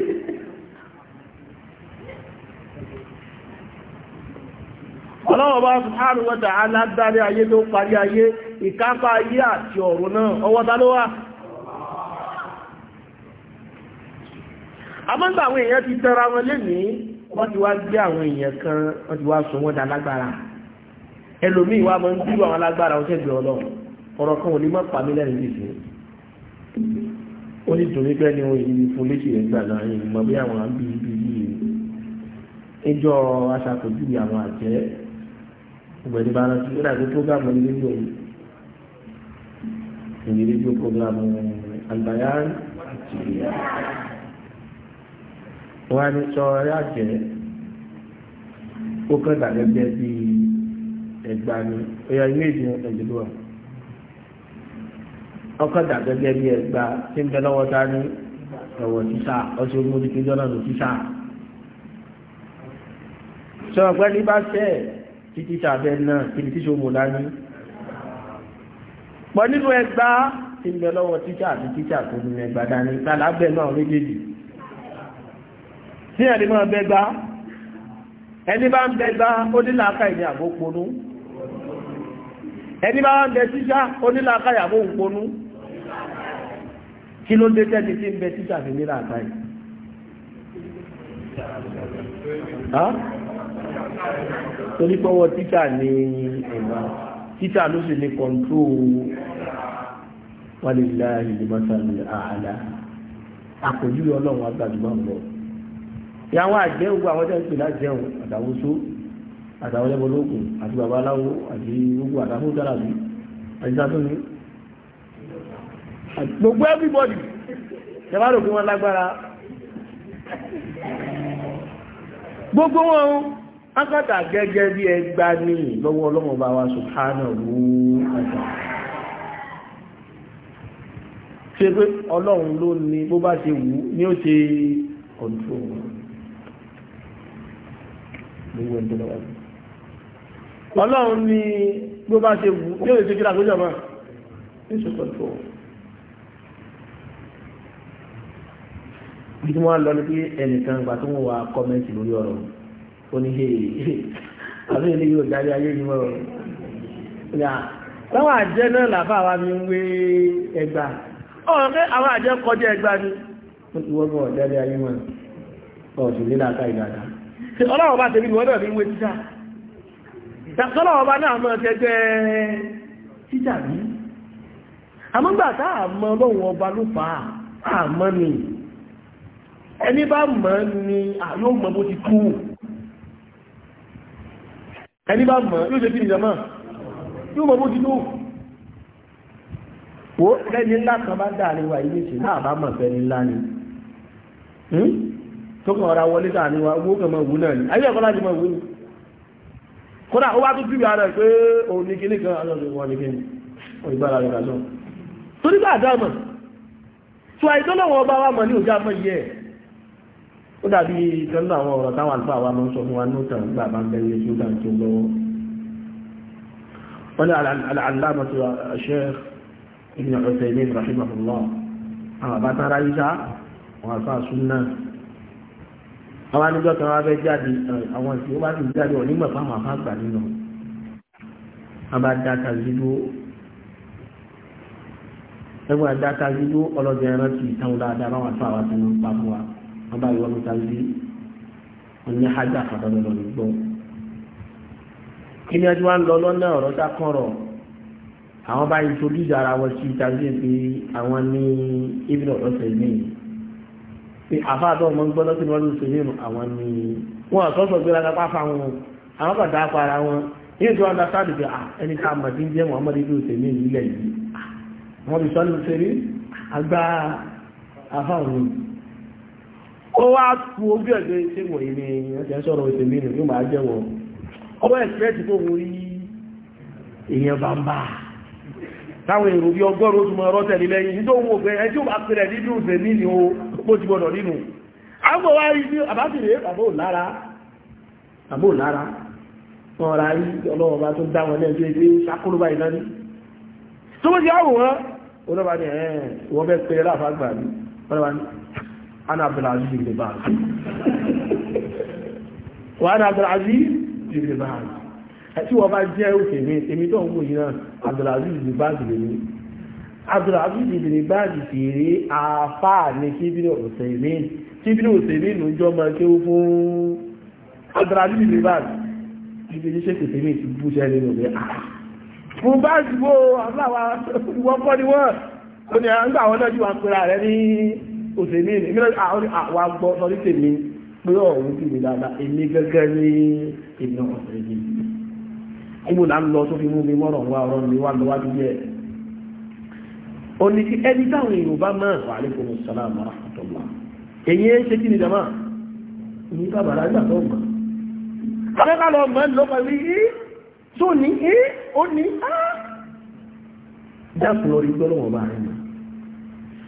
ọlọ́wọ́ bá subhanahu wa ta'ala dárí ayé ló parí ayé ìkápá ayé àti ọ̀run náà ọwọ́ ta ló èèyàn ti wọn wá ọ̀rọ̀ kan ò ní má pa mí lẹ́yìn bíi fún ó ní torí pé ní ohun ìlú fún léṣe rẹ̀ gbà náà yìí mọ̀ bí àwọn àbí ibi yìí ẹjọ́ aṣàkójú àwọn àjẹ́ ọ̀gbẹ́ni bá rántí ó dàgbé prógámù ilé ìlú òun ìlú rédíò prógámù àgbáyá àti ìyá wọn á ní sọ ẹ àjẹ́ ó kàn dàgẹ́ bẹ́ẹ̀ ẹgbàá ni ó yà ilé ìdùn ẹ̀jẹ̀ ló wà ọkọ̀ dàgẹ́gẹ́ bí ẹgbà tí ń bẹ lọ́wọ́ ta ní ọ̀wọ̀ tíṣà ọ̀sẹ̀ omúdíkì jọ́nà ló tíṣà sọ ọ̀pẹ́ ní bá tẹ́ tí tíṣà bẹ náà kí ni tíṣà òmù dání pọ̀ nínú ẹgbà tí ń bẹ lọ́wọ́ tíṣà àti tíṣà tó ní ẹgbà dání tààlà bẹ̀ náà méjèèjì tí ẹni máa bẹ gbá ẹni bá ń bẹ gbá ó ní làákà ìní àbó ẹni bá ń bẹ tíṣà ó ní làákà ìyàbó òun ponú kí ló dé tẹ́ni tí ń bẹ títà fi nílà àtàyè torí pọ́wọ́ títà ní ẹ̀mà títà ló sì ní kọ̀ǹtró wàlélá ìdìmọ́sàlẹ̀ àhàlà àpòjúlé ọlọ́run agbàdúgbà ń lọ ìyàwó àjẹun gbọ́ àwọn tẹ́lifí lájẹun àtàwọ́só àtàwọn ẹlẹ́bọ̀lógún àti babaláwo àti gbogbo àtàwọn dára bí àti sátúnú gbogbo everybody ṣẹ̀bárò kí wọ́n lágbára gbogbo wọn akọ́ta gẹ́gẹ́ bí ẹgbà ní lọ́wọ́ ọlọ́mọba wa subhanahu wa ta'ala ṣe pé ọlọ́run ló ní bó bá ṣe wù ní ó ṣe control gbogbo ẹ̀dọ́ lọ́wọ́ ọlọ́run ní bó bá ṣe wù ní ó ṣe kí bí tí wọ́n lọ ní pé ẹnìkan ìgbà tó ń wà kọ́mẹ́ǹtì lórí ọ̀rọ̀ ó ní ṣe àbí ilé yóò darí ayé ni wọ́n rọ̀ táwọn àjẹ́ náà làbá wa mi ń wé ẹgbà ọ̀rọ̀ pé àwọn àjẹ́ kọjá ẹgbà ni ó ti wọ́n bọ̀ darí ayé wọn ọ̀sùn nílà ká ìgbàdá ọlọ́wọ́ bá tẹ̀lé ìwọ́n náà ní wé títà tọ́lọ́wọ́ bá náà mọ́ tẹ́jẹ́ títà bí àmọ́gbà táà mọ́ lọ́wọ́ ọba ló fà á àmọ́ nìyí ẹni bá mọ̀ ní àyó mọ̀ bó ti kú ẹni bá mọ̀ yóò ṣe kí ni jama yóò mọ̀ bó ti kú wo lẹ́ni ńlá kan bá dà níwá ilé ṣe náà bá mọ̀ fẹ́ ní ńlá ni hmm? tó kàn ọ̀rá wọlé dà owó kan mọ̀ náà ni ayé ẹ̀kọ́ láti ni kódà ó wá tó bí ara pé òun ní kíní ó dàbí ìtọ́jú àwọn ọ̀rọ̀ táwọn àlùfáà wa máa ń sọ fún wa nóòtàn nígbà bá ń bẹ́lẹ̀ tí ó dà tó lọ́wọ́ wọ́n ní aláàmọ̀tò Sheikh Ibn Uthaymeen rahimahullah àwọn àbáta ara yíṣá àwọn àlùfáà súnà àwọn anijọ́ kan wá fẹ́ jáde àwọn ìṣòro bá ti jáde ọ̀ nígbà fáwọn àfáàgbà nínú abadaka zidu ẹgbẹ́ adaka zidu wọ́n bá yọ ọdún tàbí wọ́n ní hajj àkàtọ́dọ̀ lọ gbọ́. kí ni ẹjọ́ wa ń lọ lọ́nà ọ̀rọ̀ tá kọ̀rọ̀ àwọn bá introduce ara wọn sí tàbí pé àwọn ní ibi ọ̀rọ̀ sẹ̀mí pé àfáàdọ̀ ọmọ ń gbọ́ lọ́sìn wọn ló ṣe nínú àwọn ní wọn àtọ́sọ̀ gbéra kápá fáwọn àwọn kàtà apá ara wọn ní ìjọ understand pé ah, ẹni ká mọ̀ sí ń jẹ́ Muhammad ibi òsèmí nílẹ̀ yìí ah, wọ́n fi sọ́nù ṣeré agbá afáwọn yìí ó wá tu ojú ẹ̀gbẹ́ ṣé wọ̀ yìí ni ẹ̀jẹ̀ sọ̀rọ̀ oṣù yóò máa jẹ́ wọ̀ ọwọ́ ẹ̀sìrẹ́sì tó wù rí èèyàn bá ń bá táwọn èrò bí ọgọ́rùn oṣù mọ́ ọ̀rọ̀ tẹ̀lé lẹ́yìn nítorí òun òfin ẹjọ́ bá pẹ̀lẹ̀ nínú òfin ó ti gbọdọ̀ nínú wọ́n fẹ́ pẹ̀lẹ́ láfàgbà ní wọ́n عن عبد العزيز بن باز وعن عبد العزيز بن باز tí wọ́n bá jẹ́ òfèmí èmi tó ń wò yìí náà Abdulaziz bin Baz lèmi Abdulaziz bin Baz sì rí àáfàá ní kíbínú òsèmí kíbínú òsèmí ló jọ máa ké fún Abdulaziz bin Baz ibi iṣẹ́ òsèmí ti bú jẹ́ nínú rẹ̀ fún báàsì bó àbúláwà wọ́pọ̀ ni wọ́n ó ní àwọn náà jù wà ń pera rẹ̀ ní òṣèlú èmi náà àwọn agbọ́ sọrí tèmi pé ọ̀hún sì mi dáadáa èmi gẹ́gẹ́ ní ìnà ọ̀sẹ̀ yìí níbo là ń lọ tó fi mú mi mọ́rọ̀ wá ọ̀rọ̀ mi wá lọ wájú yẹ òní kí ẹni táwọn èèyàn bá máa wà ní kòmù sàlámù àtọ̀gbà èyí ń ṣe kí ni dàmà ní bàbá rà nígbà tó mọ̀ kọ́lẹ́kà lọ mọ̀ lọ́pàá rí í tó ní í ó ní á dákùn lórí gbọ́lọ́wọ́ bá rẹ̀ mọ̀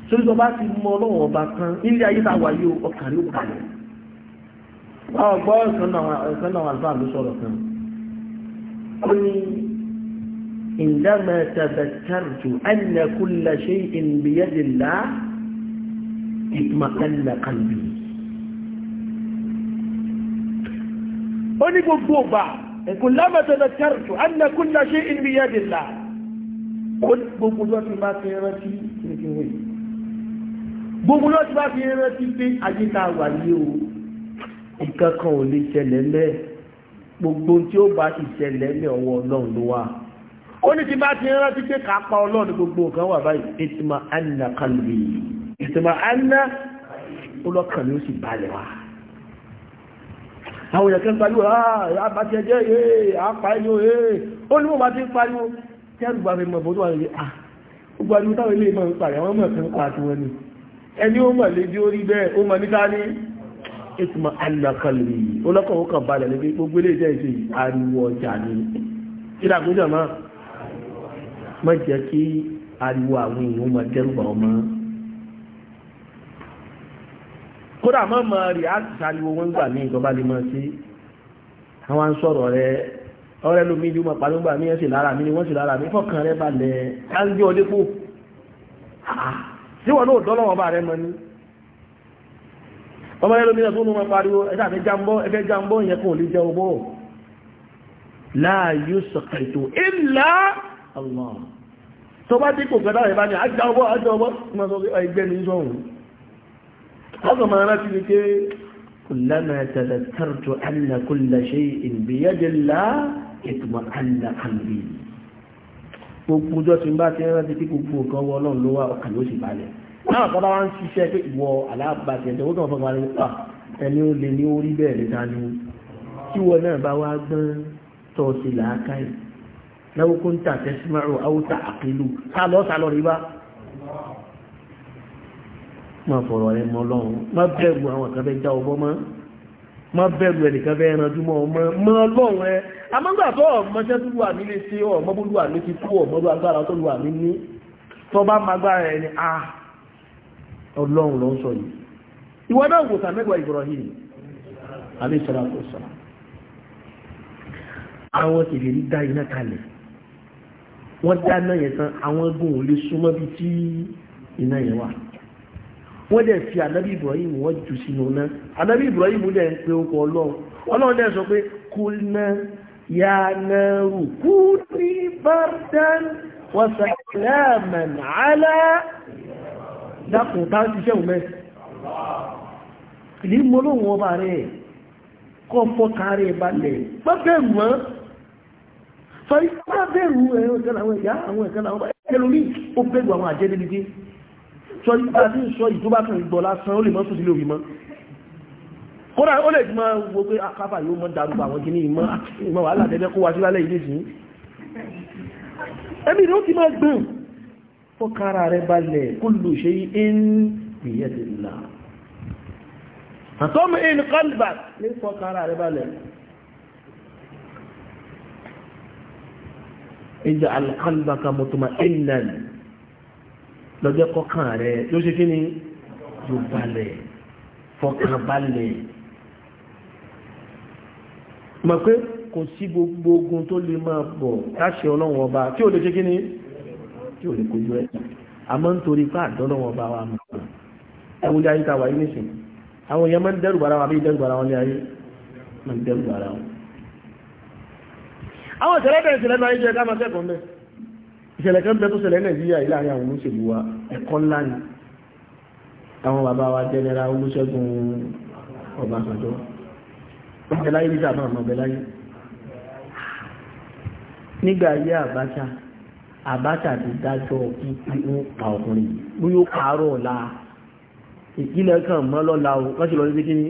torí tó bá ti mọ ọlọ́wọ́ ọba kan ilé ayé tá a wà yóò ọkàn ló balẹ̀ báwo gbọ́ ẹ̀kan náà àlùfáà ló sọ̀rọ̀ kan ó ní ìdámẹ́ tẹ̀bẹ̀tẹ̀rù ẹnẹ kúlẹ̀ ṣe ìbíyẹ́dìlá ìtumọ̀kẹ́lẹ̀ kalbi ó ní gbogbo ọba ẹ̀kùn lámẹ́tẹ̀bẹ̀ tẹ̀rù ṣe ìbíyẹ́dìlá ó ní gbogbo ọjọ́ ti bá ti rántí nìkan wọ̀nyí gbogbo náà ti bá fi rántí pé àyíká wà yìí o nǹkan kan ò lè ṣẹlẹ̀ lẹ́ gbogbo tí ó bá ti ṣẹlẹ̀ ní ọwọ́ ọlọ́run ló wà ó ní ti bá ti rántí pé kà ọlọ́run gbogbo nǹkan wà báyìí ìtìmọ̀ anna kalbi ìtìmọ̀ anna ọlọ́kàn ni ó sì balẹ̀ wá àwọn èèyàn kan pariwo àbájẹjẹ́ èé àpáyò èé ó ní mọ́ bá ti pariwo tí àrùgbà rẹ̀ mọ̀ bó tó wà ní àgbàdìwò ah. táwọn ilé ìmọ̀ ń parí àwọn ọmọ ẹ̀kan pa àti ni ẹni ma mọ̀ lébi orí bẹ́ẹ̀ ó mọ̀ níta ní ìtumọ̀ anakalmi olókòwò kan balẹ̀ níbi gbogbo ilé iṣẹ́ ìṣe ariwo ọjà ni kí làgbé jọ mọ́ mọ́ jẹ́ kí ariwo àwọn èèyàn mọ̀ dẹ́rùbà ọmọ kódà mọ́ mọ́ rí àtìsáriwo wọn gbà mí ìjọba lè mọ́ sí àwọn sọ̀rọ̀ rẹ ọ̀rẹ́ lómi ìdí wọn pàlóńgbà mí ẹ̀ sì lára mi ni wọ́n sì lára mi fọkàn rẹ balẹ̀ á ń gbé tí wọ́n náà dọ́lọ́wọ́ bá rẹ mọ́ ní ọmọ ẹlòmí náà tó mọ́ pariwo ẹ̀dá àfẹ́ jambọ́ ẹ̀fẹ́ jambọ́ yẹn kò lè jẹ ọgbọ́ láàyò sọ̀kẹ̀tò ìlà Allah tó bá dípò gẹ́dá rẹ̀ bá ní ajá ọgbọ́ ajá ọgbọ́ ẹgbẹ́ ní gbogbo ọjọ́ tí n bá ti rántí pé gbogbo nǹkan wọ ọlọ́run ló wà ọkàn yóò sì balẹ̀ náà kọ́ bá wá ń ṣiṣẹ́ pé ìwọ alábàtẹ̀ ẹ̀jẹ̀ wọ́n fọ́n balẹ̀ wípà ẹni ó lè ní orí bẹ́ẹ̀ lè ta ni tí wọn náà bá wá gbọ́n tọ́ sí làákàyè náwó kó ń tà tẹ́símárò áwòtà àkìlù ká lọ́ sá lọ rí bá. má fọ̀rọ̀ ẹ mọ́ ọlọ́run má bẹ́ẹ̀ àwọn kan fẹ́ já ọgbọ́n mọ́ mọ́ bẹ̀rù ẹnìkan fẹ́ ẹranjú mọ́ mọ́ lọ́wọ́ ẹ amágbàtọ́ ọmọṣẹ́ tó wà nílé sí ọmọ bó lùwà ní ti kú ọmọ bó agbára tó lùwà ní ní tó bá máa gbára ẹni a ah, ọlọ́run ló ń sọ yìí ìwọ náà wò sàmẹ́gbà Ibrahim alayhi salatu wassalam àwọn tèlè rí dá iná kalẹ̀ wọ́n dá náà yẹn tán àwọn ẹgbùn lè súnmọ́ bí tí iná yẹn wà wọ́n dẹ̀ fi ànábì ibrahim wọ́n jù sínú náà ànábì ibrahim dẹ̀ ń pe okọ̀ ọlọ́run ọlọ́run dẹ̀ sọ pé kulna ya naru kuni bardan wa salaman ala dákùn tá ti ṣẹ́ òmẹ́ ìlú mọ́lọ́wọ́ ọba rẹ̀ kọ́ fọ́ka rẹ̀ balẹ̀ pẹ́pẹ́ mọ́ sọ ìpàbẹ̀rù ẹ̀rọ ìkẹ́lẹ̀ àwọn ẹ̀yà àwọn ìkẹ́lẹ̀ àwọn ẹ̀kẹ́lẹ̀ orí ó bẹ̀rù àwọn àjẹ́dẹ́dẹ́dẹ́ sọ ìgbà tí ń sọ ìjọba kan gbọ́ lásán ó lè mọ́ sùn sílé òbí mọ́ kódà ó lè máa wo pé akábà ah, yóò mọ́ darúgbà àwọn kìíní ìmọ̀ ìmọ̀ wàhálà tẹ́lẹ̀ kó wá sí lálẹ́ ilé ìsìn ẹbí ló ti máa gbọ́n fọ́kàrà rẹ balẹ̀ kullu shay'in bi yadillah lọ́jọ́ kọkàn rẹ̀ yóò ṣe kí ni yóò balẹ̀ fọkàn balẹ̀ mọ̀ pé kò sí gbogbo ogun tó lè máa bọ̀ láṣẹ ọlọ́run ọba tí ò lè ṣe kí ni tí ò lè kojú ẹ̀ àmọ́ nítorí pé àdọ́lọ́run ọba wa mọ̀ ẹ̀wọ̀n jẹ́ àyíká wáyé nìsín àwọn èèyàn máa ń dẹ́rù bara wọn àbí dẹ́rù bara wọn ní ayé máa ń dẹ́rù bara wọn. àwọn ìṣẹ̀lẹ̀ bẹ̀rẹ̀ ìṣẹ̀lẹ̀ náà ayé jẹ́ ìṣẹ̀lẹ̀ kan bẹ tó ṣẹlẹ̀ nàìjíríà yìí láàrin àwọn olóṣèlú wa ẹ̀kọ́ ńlá ni àwọn bàbá wa jẹnẹra olóṣẹ́gun ọbásanjọ́ ọbẹ̀ láyé nígbà náà ọmọ ọbẹ̀ láyé nígbà ayé àbáṣà àbáṣà ti dájọ́ pípín ń pa ọkùnrin bí yóò pààrọ̀ ọ̀la ìpínlẹ̀ kan mọ́ lọ́la o wọ́n ti lọ sí kíni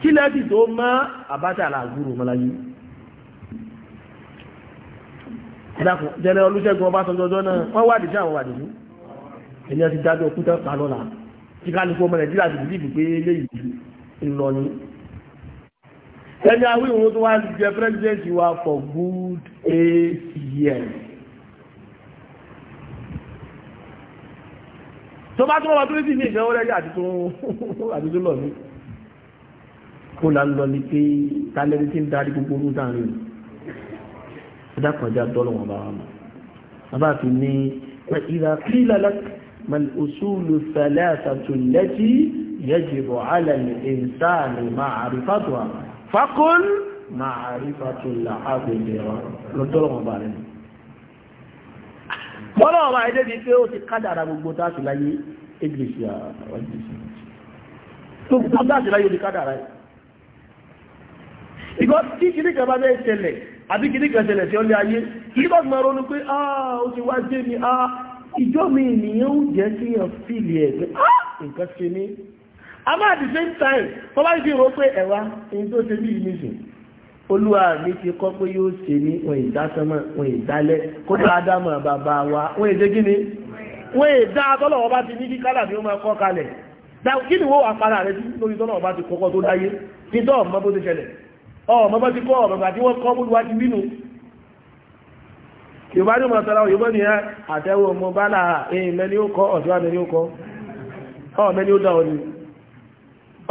kílẹ̀ ti tó mọ́ àbáṣà làgbúrò mọ́ ìdákùn jẹ́nẹ́ olúṣẹ́gun ọbásanjọ́jọ́ náà wọ́n wádìí sí àwọn wádìí sí ẹni ẹ ti dájọ́ òkúta palọ́la tí kálukú ọmọ nàìjíríà ti dìbò pé léyìí ńlọ ni ẹni awíwọ̀n tó wá jẹ president wa for good eight years tó bá tún ọmọ tó sì ní ìṣẹ́wọ́ rẹ̀ àti tó lọ ní kó là ń lọ ní pé tálẹ́ni tí ń darí gbogbo orúkọ àárín ẹ̀dàkùnjá dọ́lọ̀ wọn bá wọn mọ̀ bàbá fi ní ìlà kílàlá mẹ́lùsùlù fẹ̀lẹ́ àtàtùlẹ́tì yẹ́jìbọ̀ alẹ́lẹ́ ìsáàlì máa rí fàtùwà fákún máa rí fàtùlà àgbègbè lọ́dọ́lọ̀ wọn bá rẹ̀ bọ́lọ̀ ọba ẹ̀dẹ́ bíi pé ó ti kádàrà gbogbo táàtì láyé english àwọn english tó gbogbo táàtì láyé ó tí kìnnìkan bá bẹ́ẹ̀ ṣẹlẹ̀ àbí kìí kẹsẹ̀lẹ̀ tí ó lé ayé lítọ́ ti máa pé ah ó ti wá dé mi ah ìjọ mi ènìyàn ó jẹ́ kí yàn fìlì ẹ̀ ah nǹkan ṣe ní àmọ́ at the same time tó bá ti rò pé ẹ̀wá ní tó ṣe bí ìmìsìn olúwa mi ti kọ́ pé yóò ṣe ní wọn ìdásánmọ́ wọn ìdálẹ́ kó tó ádámọ̀ bàbá wa wọn èdè kí ni wọn èdè atọ́lọ́wọ́ bá ti ní kí kálà bí ó máa kọ́ kalẹ̀ kí ni wọ́n rẹ̀ sí lórí tọ́lọ́wọ́ bá ti kọ́kọ́ tó dáyé kí tọ́ ọ̀mọ́ bó ti ṣẹlẹ̀ ọmọ bá ti kọ́ ọ̀rọ̀ àti wọ́n kọ́ búrú wá ti bínú yorùbá ní ọmọ sọ́lá òyìnbó ni àtẹ́wọ̀ ọmọ bá láà èyí mẹ́ni ó kọ́ ọ̀dọ́ àmẹ́ni ó kọ́ ọmọni ó dá ọ ni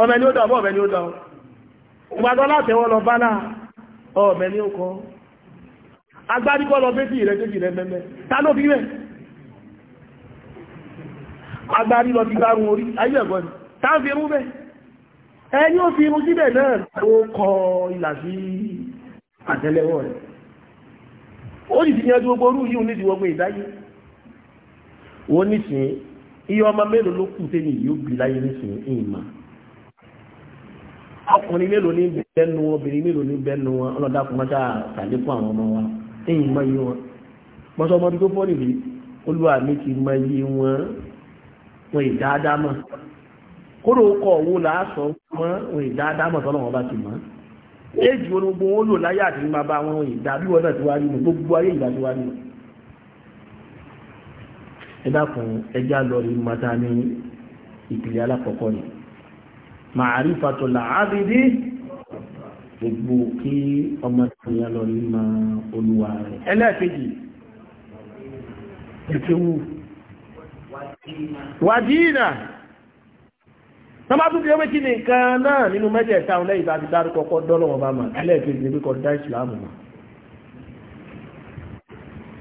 ọmọni ó dá ọ ọmọni ó dá ọ ìgbàgbọ́ látẹ̀wọ́ lọ bá láà ọmọni ó kọ́ agbádíkọ́ lọ bẹ́sì rẹ̀ kéjì rẹ̀ mẹ́mẹ́ ta ló fi rẹ̀ agbárí lọ ti gbárùn orí ayé ẹ̀gọ́ ni ta ń fi rú bẹ́ẹ̀ ẹni ó fi irun síbẹ̀ náà ó kọ ìlà sí àtẹ́lẹwọ́ rẹ̀ ó sì ti yanjú gbogbo orú yìí nídìí gbogbo ìdáyé wọ́n nísìn iye ọmọ mélòó ló kù tẹ́lẹ̀ yóò bí láyé nísìn ìmọ̀ ọkùnrin mélòó ní bẹ́ẹ̀nu wọn obìnrin mélòó ní bẹ́ẹ̀nu wọn ọlọ́dà kò máa ṣàlékún àwọn ọmọ wa ẹ̀yìn mọ iye wọn mọ́sọ́ ọmọdé tó fọ́ nìyí olúwa mi ti mọ iye wọn wọn ì dáadáa mọ́ kódò kọ owó làásọ mọ́ òun ìdá dámọ̀ tọ́lọ̀ wọn bá ti mọ́ éjì wọn gbogbo wọn lò láyé àti ní bàbá wọn ìdá bí wọn náà ti wá rí mu gbogbo ayé ìdá ti wá rí mu. ẹ dákun ẹja lọ rí mata ní ìpìlẹ̀ alákọ̀ọ́kọ́ ni màárífàtò làábìdí gbogbo kí ọmọ ìyá lọ rí ma olúwa rẹ̀ ẹlẹ́ẹ̀kejì ìkéwù wàdíìnà tọ́ba tún fi ewé kí ni nǹkan náà nínú mẹ́jẹ̀ẹ̀ta àwọn lẹ́yìn láti dárúkọ kọ́ dọ́lọ́wọ́ bá mà sílẹ̀ kejì ní kọ́ dá ìsìlámù mà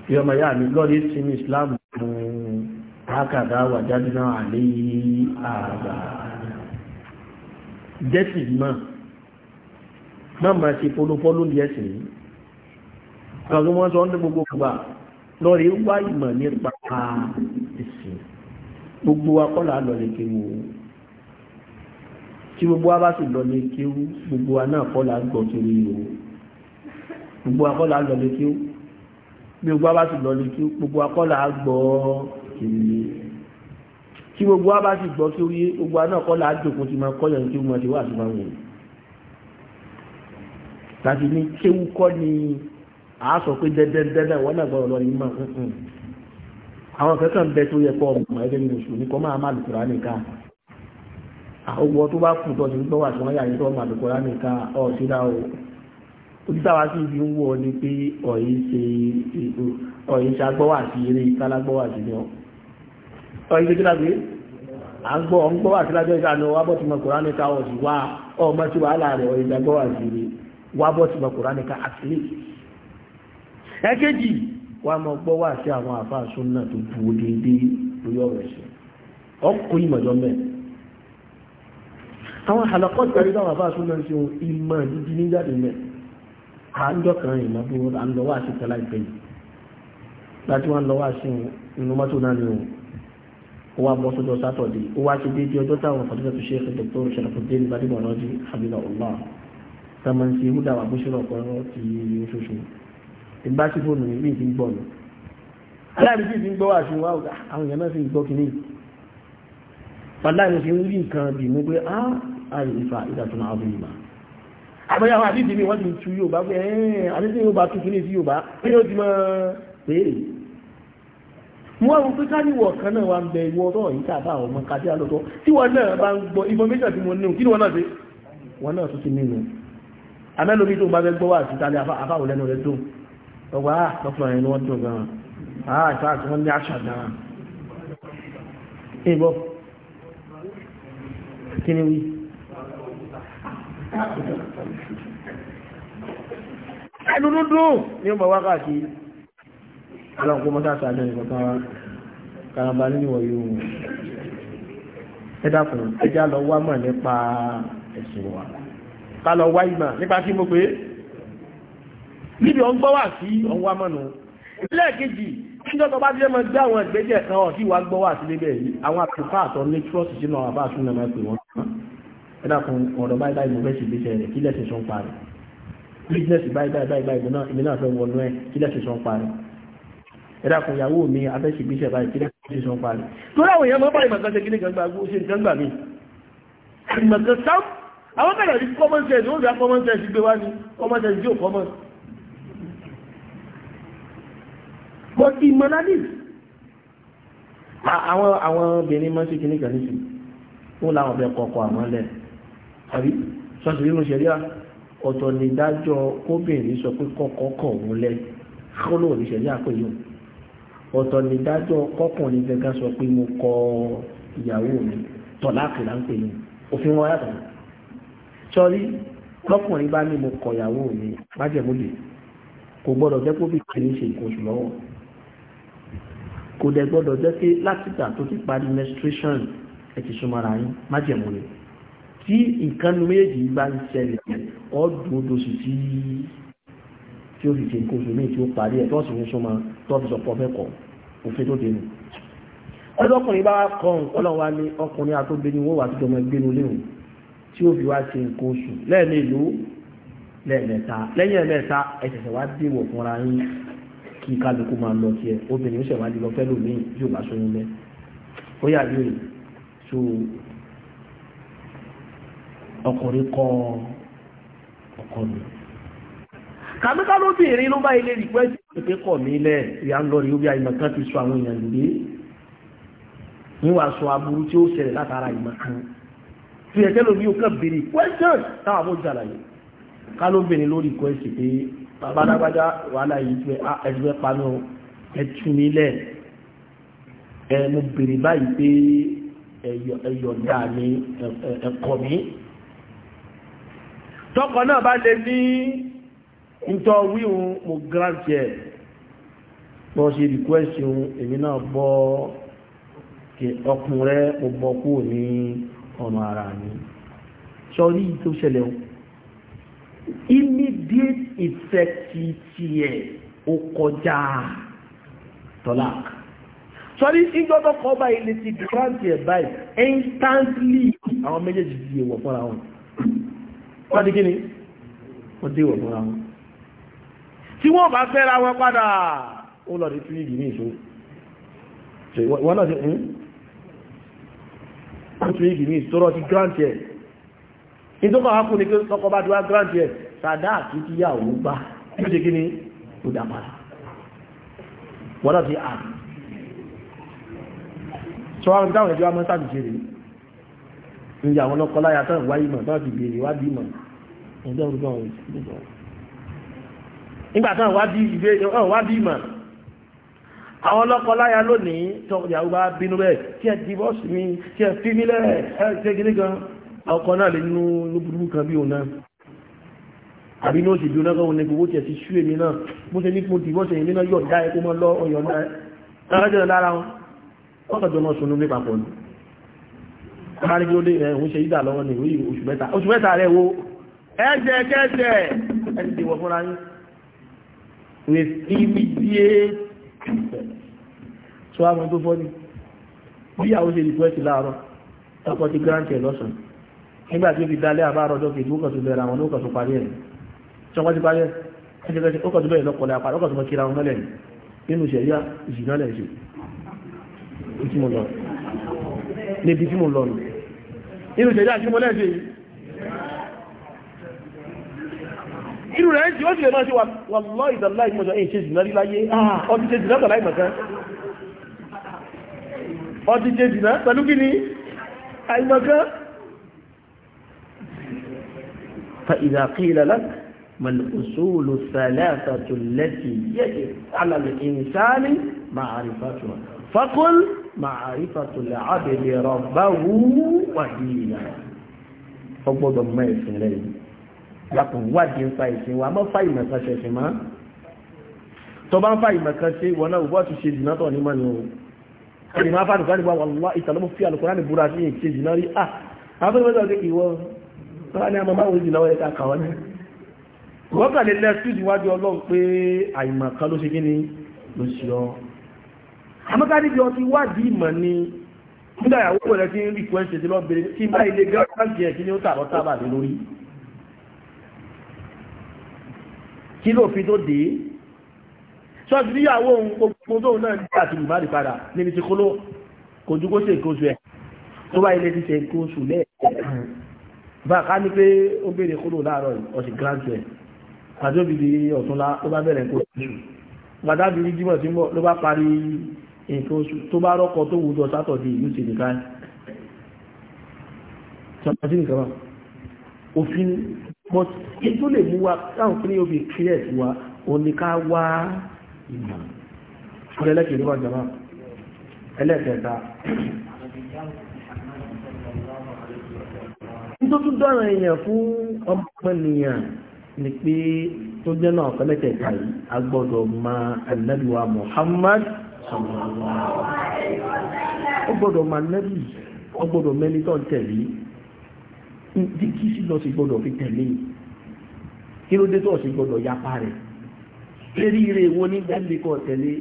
bí ọmọ ìyá mi lọ́ọ̀dí sí ní ìsìlámù mú akàdá wà jáde náà àlẹ́ àgbà jẹ́sì mọ́ má máa ṣe polúfọ́lú ní ẹ̀sìn yìí kan wọ́n sọ ń dé wá ìmọ̀ nípa ìsìn gbogbo akọ́là lọ́ọ̀dí kéwòó tí gbogbo wa bá sì lọ lé kéwú gbogbo wa náà kọ́ la gbọ́ kiri o gbogbo wa kọ́ la lọ lé kéwú bí gbogbo wa bá sì lọ lé kéwú gbogbo wa kọ́ la gbọ́ kiri tí gbogbo wa bá sì gbọ́ kiri gbogbo wa náà kọ́ la jókòó ti máa kọ́ yẹn wọ́n ti wá àti máa wò tàbí ní kéwú kọ́ ni à á sọ pé dẹ́dẹ́dẹ́dẹ́ wọ́n náà gbọ́dọ̀ lọ ní mọ̀ àwọn kankan bẹ tó yẹ kọ́ ọmọ ẹgbẹ́ mi mùsùlùmí kọ́ máa má lùkùrá nìkan àwọn tó bá kù tọ́jú gbọ́ wà tí wọ́n yà ní tọ́ màdùkọ́ lámì ká ọ̀síra o ojútàwá sí ibi ń wọ ni pé ọ̀yìn ṣe agbọ́wà sí eré kálágbọ́wà sí ni ọ ọ̀yìn ṣe kí lágbé àgbọ́ ọ̀gbọ́wà sí lájọ́ ìṣàánú wábọ̀ tí mọ̀ kòránì ká ọ̀sì wá ọmọ tí wàhálà rẹ̀ ọ̀yìn ṣàgbọ́wà sí eré wábọ̀ tí mọ̀ kòránì ká àtìlẹ́ ẹ̀kẹ́jì wà mọ̀ gbọ́wà sí àwọn àfáà súnà tó àwọn àlọ́kọ́ ìgbàrí dáwọn àbá súnmọ́ sí ohun ìmọ̀ ìdí ní jáde mẹ́ àádọ́ kan ìmọ̀ bí wọ́n ń lọ́wọ́ àti tẹ́lá ìpẹ́ yìí láti wọ́n lọ́wọ́ àti inú mọ́tò náà ni ohun ó wá bọ́ sójọ́ sátọ̀dé ó wá ti déédéé ọjọ́ táwọn fàdúrà tó ṣe é fẹ́tẹ̀ tó Sharafuddin Gbadebo náà di àbílà ọ̀la sàmán sí húdà ń rí nǹkan bì mú pé ah àrífà ìdàtún àbúrúmà àbáyàwó àdíjì ní wọ́n ti tú yóò bá pé ẹ̀ẹ́n àdíjì yóò bá tuntun ní sí yóò bá pé ó ti mọ́ pèèrè mú àwọn pé káníwọ̀ kan náà wà ń bẹ ìwọ ọ̀rọ̀ yìí tàbá àwọn ọmọ kàdé àlọ́tọ́ tí wọ́n náà bá ń gbọ́ information tí mo ní kí wọ́n náà ṣe wọ́n náà tún ti nínú amẹ́lómi tó bá fẹ́ gbọ́ wà síta lé afáwò lẹ́nu rẹ̀ dùn ọgbà lọ́kùnrin ah, ni wọ́n dùn gan-an àá ìfà àti wọ́n ní àṣà gan kí ni wí ẹnu dúdú ní ọmọ wákàtí aláǹkó mọ́sáàsá ní ìkọ̀kan wa karamba níwọ̀ yóò wọ́n ẹ dákun ẹjá lọ wá mọ̀ nípa ẹ̀sìn wa ká lọ wá ìmọ̀ nípa kí mo pé níbi ọ̀n gbọ́ wà sí ọ̀n wá mọ̀nù lẹ́ẹ̀kejì níjọ́tọ̀ bá jẹ́ mọ́ gbé àwọn ìgbésẹ̀ kan ọ̀ sí wa gbọ́ wà sí lébẹ̀ yìí àwọn àpòfáàtọ̀ ní trọ́ọ̀sì sínú àwọn àbáṣúná máa pè wọ́n ẹ dákun ọ̀rọ̀ báyìí báyìí mo fẹ́ ṣe ìgbésẹ̀ rẹ̀ kí lẹ́sìn sọ ń parí bísínẹ́sì báyìí báyìí báyìí báyìí náà èmi náà fẹ́ wọnú ẹ̀ kí lẹ́sìn sọ ń parí ẹ dákun ìyàwó mi afẹ́ṣe ìgbésẹ̀ báyìí kí lẹ́sìn sọ ń parí. torí àwọn èèyàn máa bá ìmọ̀kan ṣe kíní kan gbà gbó ṣe nǹkan gbà mí ìmọ̀kan sáà àwọn bẹ̀rẹ̀ rí common sense ó rí common sense gbé wá ní common sense yóò common but ìmọ̀lálì àwọn obìnrin mọ́ sí kíní kan níṣẹ́ ó láwọn bẹ kọ̀ọ̀kọ̀ àwọn lẹ́nu àbí sọ́sì nínú ṣẹ̀ríà ọ̀tọ̀ ní ìdájọ́ kóbìnrin sọ pé kọ́kọ́ kọ̀ òun lẹ kọ́lọ́ ní ṣẹ̀ríà pé yóò ọ̀tọ̀ ní ìdájọ́ kọ́kùnrin gẹ́gẹ́ sọ pé mo kọ ìyàwó mi tọ̀láàkì là ń pè ní òfin wọn yàtọ̀ sọ́rí lọ́kùnrin bá ní mo kọ ìyàwó mi májẹ̀múlẹ̀ kò gbọ́dọ̀ jẹ́ kóbì ṣe nǹkan oṣù lọ́wọ́ kò dẹ̀ gbọ́dọ̀ jẹ́ pé látìgbà tó ti parí menstruation ẹ̀ ti súnmọ́ra yín májẹ̀múlẹ̀ tí ìkanu méjì bá ń ṣẹlẹ̀ ọdún oṣù tí tí ó fi ṣe nǹkan oṣù míì tí ó parí ẹ̀ tó sì ń súnmọ́ tó fi sọ̀pọ̀ fẹ́ kọ̀ òfin tó dénú ọdọ́kùnrin bá kọ nǹkan lọ́wọ́ wa ní ọkùnrin àtọ́gbé ni wọ́n wà tó jọmọ ẹgbẹ́nu léhùn tí ó fi wá ṣe nǹkan oṣù lẹ́ẹ̀mẹ́lú lẹ́ẹ̀mẹ́ta lẹ́yìn ẹ̀mẹ́ta ẹ̀ṣẹ̀ṣẹ̀ wá dìbò fúnra yín kí kálukú máa lọ tiẹ̀ obìnrin ó ṣẹ̀ wá lọ fẹ́ lòmíì yóò bá sóyún mẹ́ ó yà yóò so ọkùnrin kọ ọkùnrin kàmíkà lóbìnrin ló bá ilé request pé kọ̀ mí lẹ̀ ìyá ń lọ rí orí àìmọ̀ kan ti sọ àwọn èèyàn lòdì ní wàá sọ aburú tí ó ṣẹlẹ̀ látara ìmọ̀ kan fi ẹ̀kẹ́ lómi ó kàn béèrè question táwọn àbójú àlàyé ká lóbìnrin ló request pé bàbá alágbájá wàhálà yìí pé ẹgbẹ́ panu ẹ tú mi lẹ̀ ẹ mo béèrè báyìí pé ẹ̀yọ̀ dáa mi ẹ̀kọ́ mi tọ́kọ náà bá lè ní ìtọ́ wíhun mo gírántì ẹ̀ bọ́ sí rìkwẹ́sì ohun èmi náà bọ́ ọkùn rẹ mo bọ́ kú ní ọmọ ara mi sọrí tó ṣẹlẹ̀ o immediate effect tiẹ̀ ó kọjá tọ́lák sọrí ìjọba kọ́ báyìí lè ti gírántì ẹ̀ báyìí instantly àwọn méjèèjì ti èèwọ̀ fọ́ra wọn wọ́n ti kíni wọ́n ti wọ̀ fúnra wọn tí wọ́n bá fẹ́ra wọn padà ó lọ sí fíìgì ní ìṣó wọ́n náà ti ń wọ́n ti hmm? fíìgì ní ìṣòro ti grant ẹ̀ ìtọ́kọ̀ wá kún ní pé tọkọ bá ti wá grant ẹ̀ sàdá àti tíyàwó bá yóò ṣe kíni ó dà padà wọ́n náà ti à sọ àwọn ìdáwọn ìjọba mọ́sáàbì ìyá àwọn ọlọ́kọ láyà tó wá ìmọ̀ tó ti bèèrè wá bí ìmọ̀ ẹ̀dọ́ orúkọ rẹ̀ nígbà tó wá bí ìmọ̀ àwọn ọlọ́kọ láyà lónìí tó ìyàwó bá bínú bẹ́ẹ̀ kí ẹ divorce mi kí ẹ fi mí lẹ́rẹ̀ ẹ ṣe gíní gan ọkọ náà lè nú lóbùrúkú kan bí òun náà àbí ní òṣèlú náà kọ́wọ́n ní gbogbo tí ẹ ti ṣú èmi náà bó amáríkí ó lé ẹ̀hún ṣe ìdà lọ́wọ́ ní ìwé oṣù mẹ́ta oṣù mẹ́ta rẹ̀ wo ẹ̀jẹ̀ kẹ́jẹ̀ ẹni tí wọ́n fúnra yín with immediate so àwọn tó fọ́ ni bí àwọn ṣe request láàárọ̀ ọkọ̀ ti grant ẹ̀ lọ́sàn nígbà tí ó fi dalẹ́ àbárọ̀ ọjọ́ kejì ó kàn tó bẹ̀rẹ̀ àwọn ó kàn tó parí ẹ̀ tí wọ́n ti parí ẹ̀ ẹ̀jẹ̀kẹ́jẹ̀ ó kàn tó bẹ̀rẹ̀ lọ́kọ̀ọ́lẹ̀ àpàdé ó kàn tó mọ́ kíra wọn mọ́lẹ̀ nínú ìṣẹ̀yà ìṣìnà lẹ̀ ṣe níbi tí mo lọ nù inú ṣẹ̀dá àti mọ́lẹ́ ṣe inú rẹ̀ tí ó sì lè máa ṣe wàlọ́ ìdàlá ìmọ̀jọ èyí ṣe jìnà láyé ọdí ah, ṣe jìnà tàlá ìmọ̀kan ọdí ṣe jìnà pẹ̀lú kí ni àìmọ̀kan fa ìdàkílẹ̀ láti mọ̀lùsùlù màárífàtòlẹ̀ àbẹ̀lẹ̀ rọ̀bá wúwú wàdí ìlà ọgbọ́dọ̀ mọ́ ẹ̀sìn rẹ̀ yàtọ̀ wádìí ń fa ìsìn wa mọ́ fa ìmọ̀ kan ṣẹ̀ṣẹ̀ mọ́ tó bá ń fa ìmọ̀ kan ṣe wọn náà wọ́n ti ṣe jìnnà tọ̀ ní mọ́ni o ẹni máa fàdùkọ́ nípa wàlúwà ìtàlọ́mọ́ fi àlùkọ́ láti búra sí ìṣe jìnnà rí à àwọn tó ń ìwọ ká kàwọn ní. wọ́n kà lè àmọ́kádé bí ọtí wádìí ìmọ̀ ni nígbà ìyàwó rẹ̀ ti ń rí ìpò ẹ̀ṣẹ̀ tí lọ bèrè tí bá ilé gáàsì ẹ̀ kí ni ó tààrọ̀ tábà lé lórí kí ló fi tó dé ṣọ́ọ̀tì níyàwó ohun gbogbo tóun náà nígbà tí ìbáàdì padà níbi ti kóló kò ju kó ṣe nǹkan oṣù ẹ̀ tó bá ilé ti ṣe nǹkan oṣù lẹ́ẹ̀kan bá a ká ní pé ó béèrè kóló láàárọ̀ ọ̀sìn gíláàsì ẹ̀ àjọ́bìdì ọ̀túnlá ló bá bẹ̀rẹ̀ nǹkan bá parí nǹkan oṣù tó bá rọ́kọ tó wùjọ sátọ̀dì ìlú sí nìkan ṣàpàtí nìkan òfin but kí tó lè mú wa káwọn kí ní obì clear sí wa oníká wá ìmọ̀ fún ẹlẹ́kẹ̀ẹ́ níwà jama ni pé tó jẹ́ náà ọ̀pẹ́lẹ́kẹ̀ẹ́ta yìí a ma annabiwa Muhammad ó gbọ́dọ̀ máa nẹ́bì ó gbọ́dọ̀ mẹ́ni tó ń tẹ̀lé bí kí sí lọ sí gbọ́dọ̀ fi tẹ̀lé kí ló dé tó sì gbọ́dọ̀ yapa rẹ̀ lérí ire wo ní gbẹ́lẹ̀ kọ́ tẹ̀lé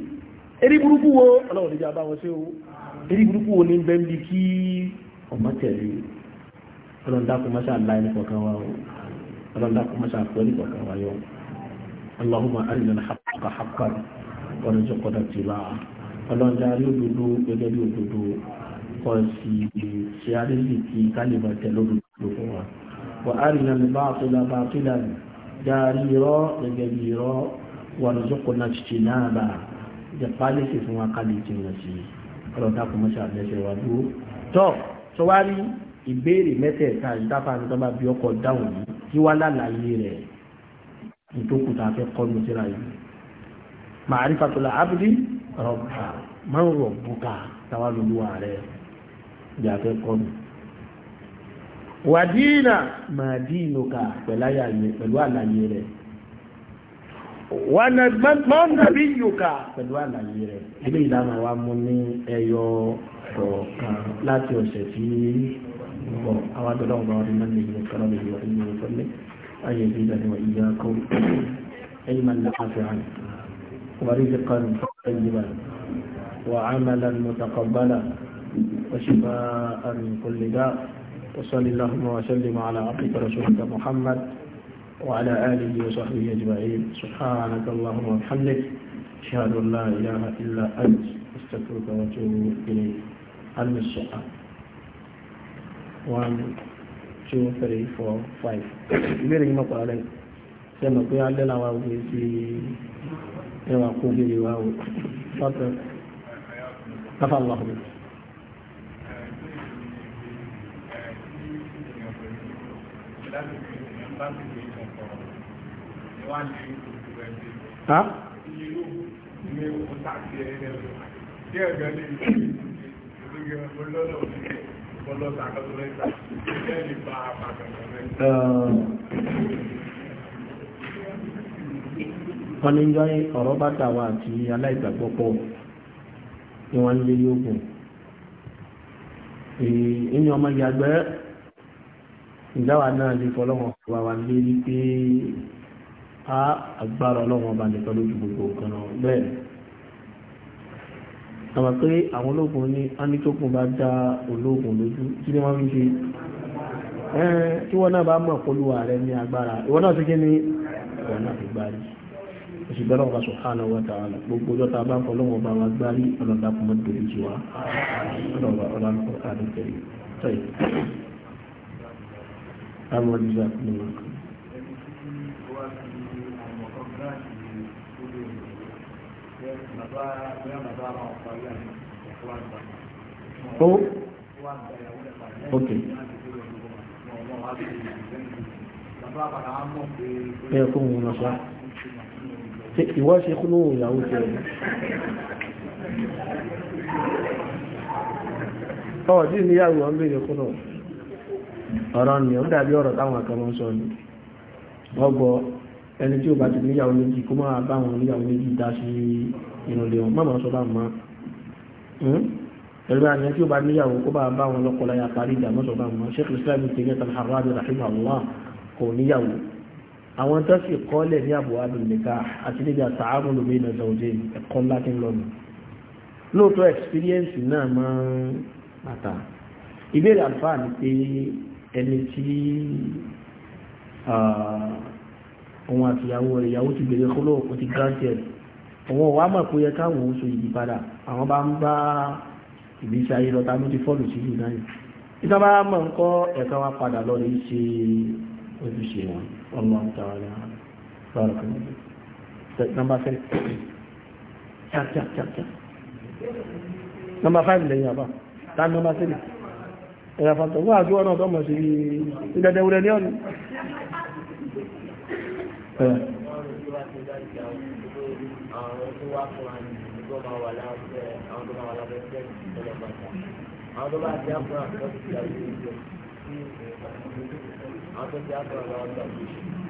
erí burúkú wo ọlọ́run níjà bá wọn ṣe o erí burúkú wo ní gbẹ́lẹ̀ kí ọmọ tẹ̀lé ọlọ́run dákun mọ́ṣá láì ní kọ̀ọ̀kan wa o ọlọ́run dákun mọ́ṣá pọ̀ ní kọ̀ọ̀kan wa yọ اللهم أرنا الحق حقا وارزقنا اتباعه ọlọ́njà rí òdodo gẹ́gẹ́ bí òdodo kọ́ sí ṣe àrísìkí kálíbà tẹ̀lé òdodo fún wa wà á rìn àmì bá àtúlà bá àtúlà rẹ̀ dárí irọ́ gẹ́gẹ́ bí irọ́ wà lójókòó náà ṣiṣẹ́ náà bá jẹ́pálẹ̀ sì fún wa kálí ti wọ̀ sí ọlọ́dà kò mọ́ṣẹ́ àbẹ́sẹ̀ wa dúró tọ́ tó wá rí ìbéèrè mẹ́tẹ̀ẹ̀ta ìdáfà àti tọ́ba bí ọkọ̀ dáhùn yìí kí wá lálàyé rẹ̀ nítòkùtà fẹ́ kọ́ rọ̀bà máa ń rọ̀ bùkà táwa lóluwà rẹ̀ jàfẹ́ kọ́nù wàdíìnà máa dìínú ka pẹ̀lú àlàyé rẹ̀ wọ́n nàbí yòókà pẹ̀lú àlàyé rẹ̀ ilé ìdáná wa mú ní ẹyọ kọ̀ọ̀kan láti ọ̀sẹ̀ tí bọ̀ àwọn àgbẹ̀lọ́ ọ̀gá ọdún náà lè yọ kọ́lọ́ lè yọ ìyẹn fọ́lẹ́ ayé ìdíjà ni wọ́n ìyá kọ́ ẹ̀yìn máa ń lọ́kàn fẹ́ràn ورزقا طيبا وعملا متقبلا وشفاء من كل داء وصل اللهم وسلم على عبدك رسولك محمد وعلى آله وصحبه أجمعين سبحانك اللهم وبحمدك أشهد أن لا إله إلا أنت أستغفرك وأتوب إليك علم السؤال 1 2 3 4 5 ìbéèrè yìí mọ̀kànlá lẹ́yìn sẹ́nu pé alẹ́ ẹwà kó gírí wá o fọ́tọ̀ afáwọ̀ Ha? Uh wọ́n ní yọ ọ̀rọ̀ bá dà wá àti aláìgbàgbọ́ pọ̀ ni wọ́n lé yógùn ìyẹn ọmọ ìyàgbẹ́ ìdáwà náà lè fọlọ́wọ́n wà wá lé ní pé a agbára ọlọ́wọ́n bá nìkan lójú gbogbo kan náà bẹ́ẹ̀ àmọ́ pé àwọn ológun ní anítókùn bá dá ológun lójú kí ni wọ́n fi ṣe tí wọ́n náà bá mọ̀ polówó ààrẹ ní agbára ìwọ́n náà ti kí ni ìwọ́n náà fi gbárí oṣù bẹ́ẹ̀ lọ́wọ́ subhanahu wa ta'ala gbogbo ọjọ́ tá a bá ń fọlọ́wọ́ bá wa gbárí ọlọ́dà kò mọ́ torí jù wá ọlọ́wọ́ ọlọ́dà àdìtẹ̀rí tọ́yì ìwọ́ ṣe kúrò ìyàwó jẹ́ ọ̀dí níyàwó ọmọ ìrẹ̀ kúrò ọ̀rọ̀ ni ó dàbí ọ̀rọ̀ táwọn akẹ́mọ́ sọ ni ọgbọ̀ ẹni tí ó bá ti níyàwó méjì kó máa bá wọn níyàwó méjì dá sí ìrìnlẹ̀ wọn máa sọ bá mọ́ hmm? ẹ̀rọ àyẹ̀ tí ó bá níyàwó kó bá bá wọn lọ́kọ̀ọ́lá yà parí ìdàmọ́sọ̀ bá mọ́ Sheikh Islam Ibn Taymiyyah al-Harrani rahimahullah kò àwọn tó sì kọ́lẹ̀ ní àbúwá lòmìnira àti níbi àtàárùn lòmìnira zọ̀ọ́dẹ́ ẹ̀kọ́ láti lọ́nà lóòótọ́ experience náà máa ń bàtà ìbéèrè àlùfáà ni pé ẹni tí òun àti ìyàwó rẹ̀ ìyàwó ti bèrè kóló ó ti granted òun wa mọ̀ pé yẹ káwọn oṣù yìí padà àwọn bá ń bá ìgbésí ayé lọ tánú ti fọ́ọ̀lù sí yìí náà ìjọba mọ̀ ń kọ́ ẹ̀ka wa padà lọ ní ṣe ojúṣe wọn والله تعالى بارك الله فيك نمبر 3 تك تك تك تك نمبر 5 لẹ́yìn àbá tán nọmbà 3 ẹ̀yà fàtọ̀ wọ́n àjọ ọ̀nà ọ̀tọ́mọ̀ sí ìdẹ̀dẹ̀ wúrẹ̀ ní ọ̀nà Àwọn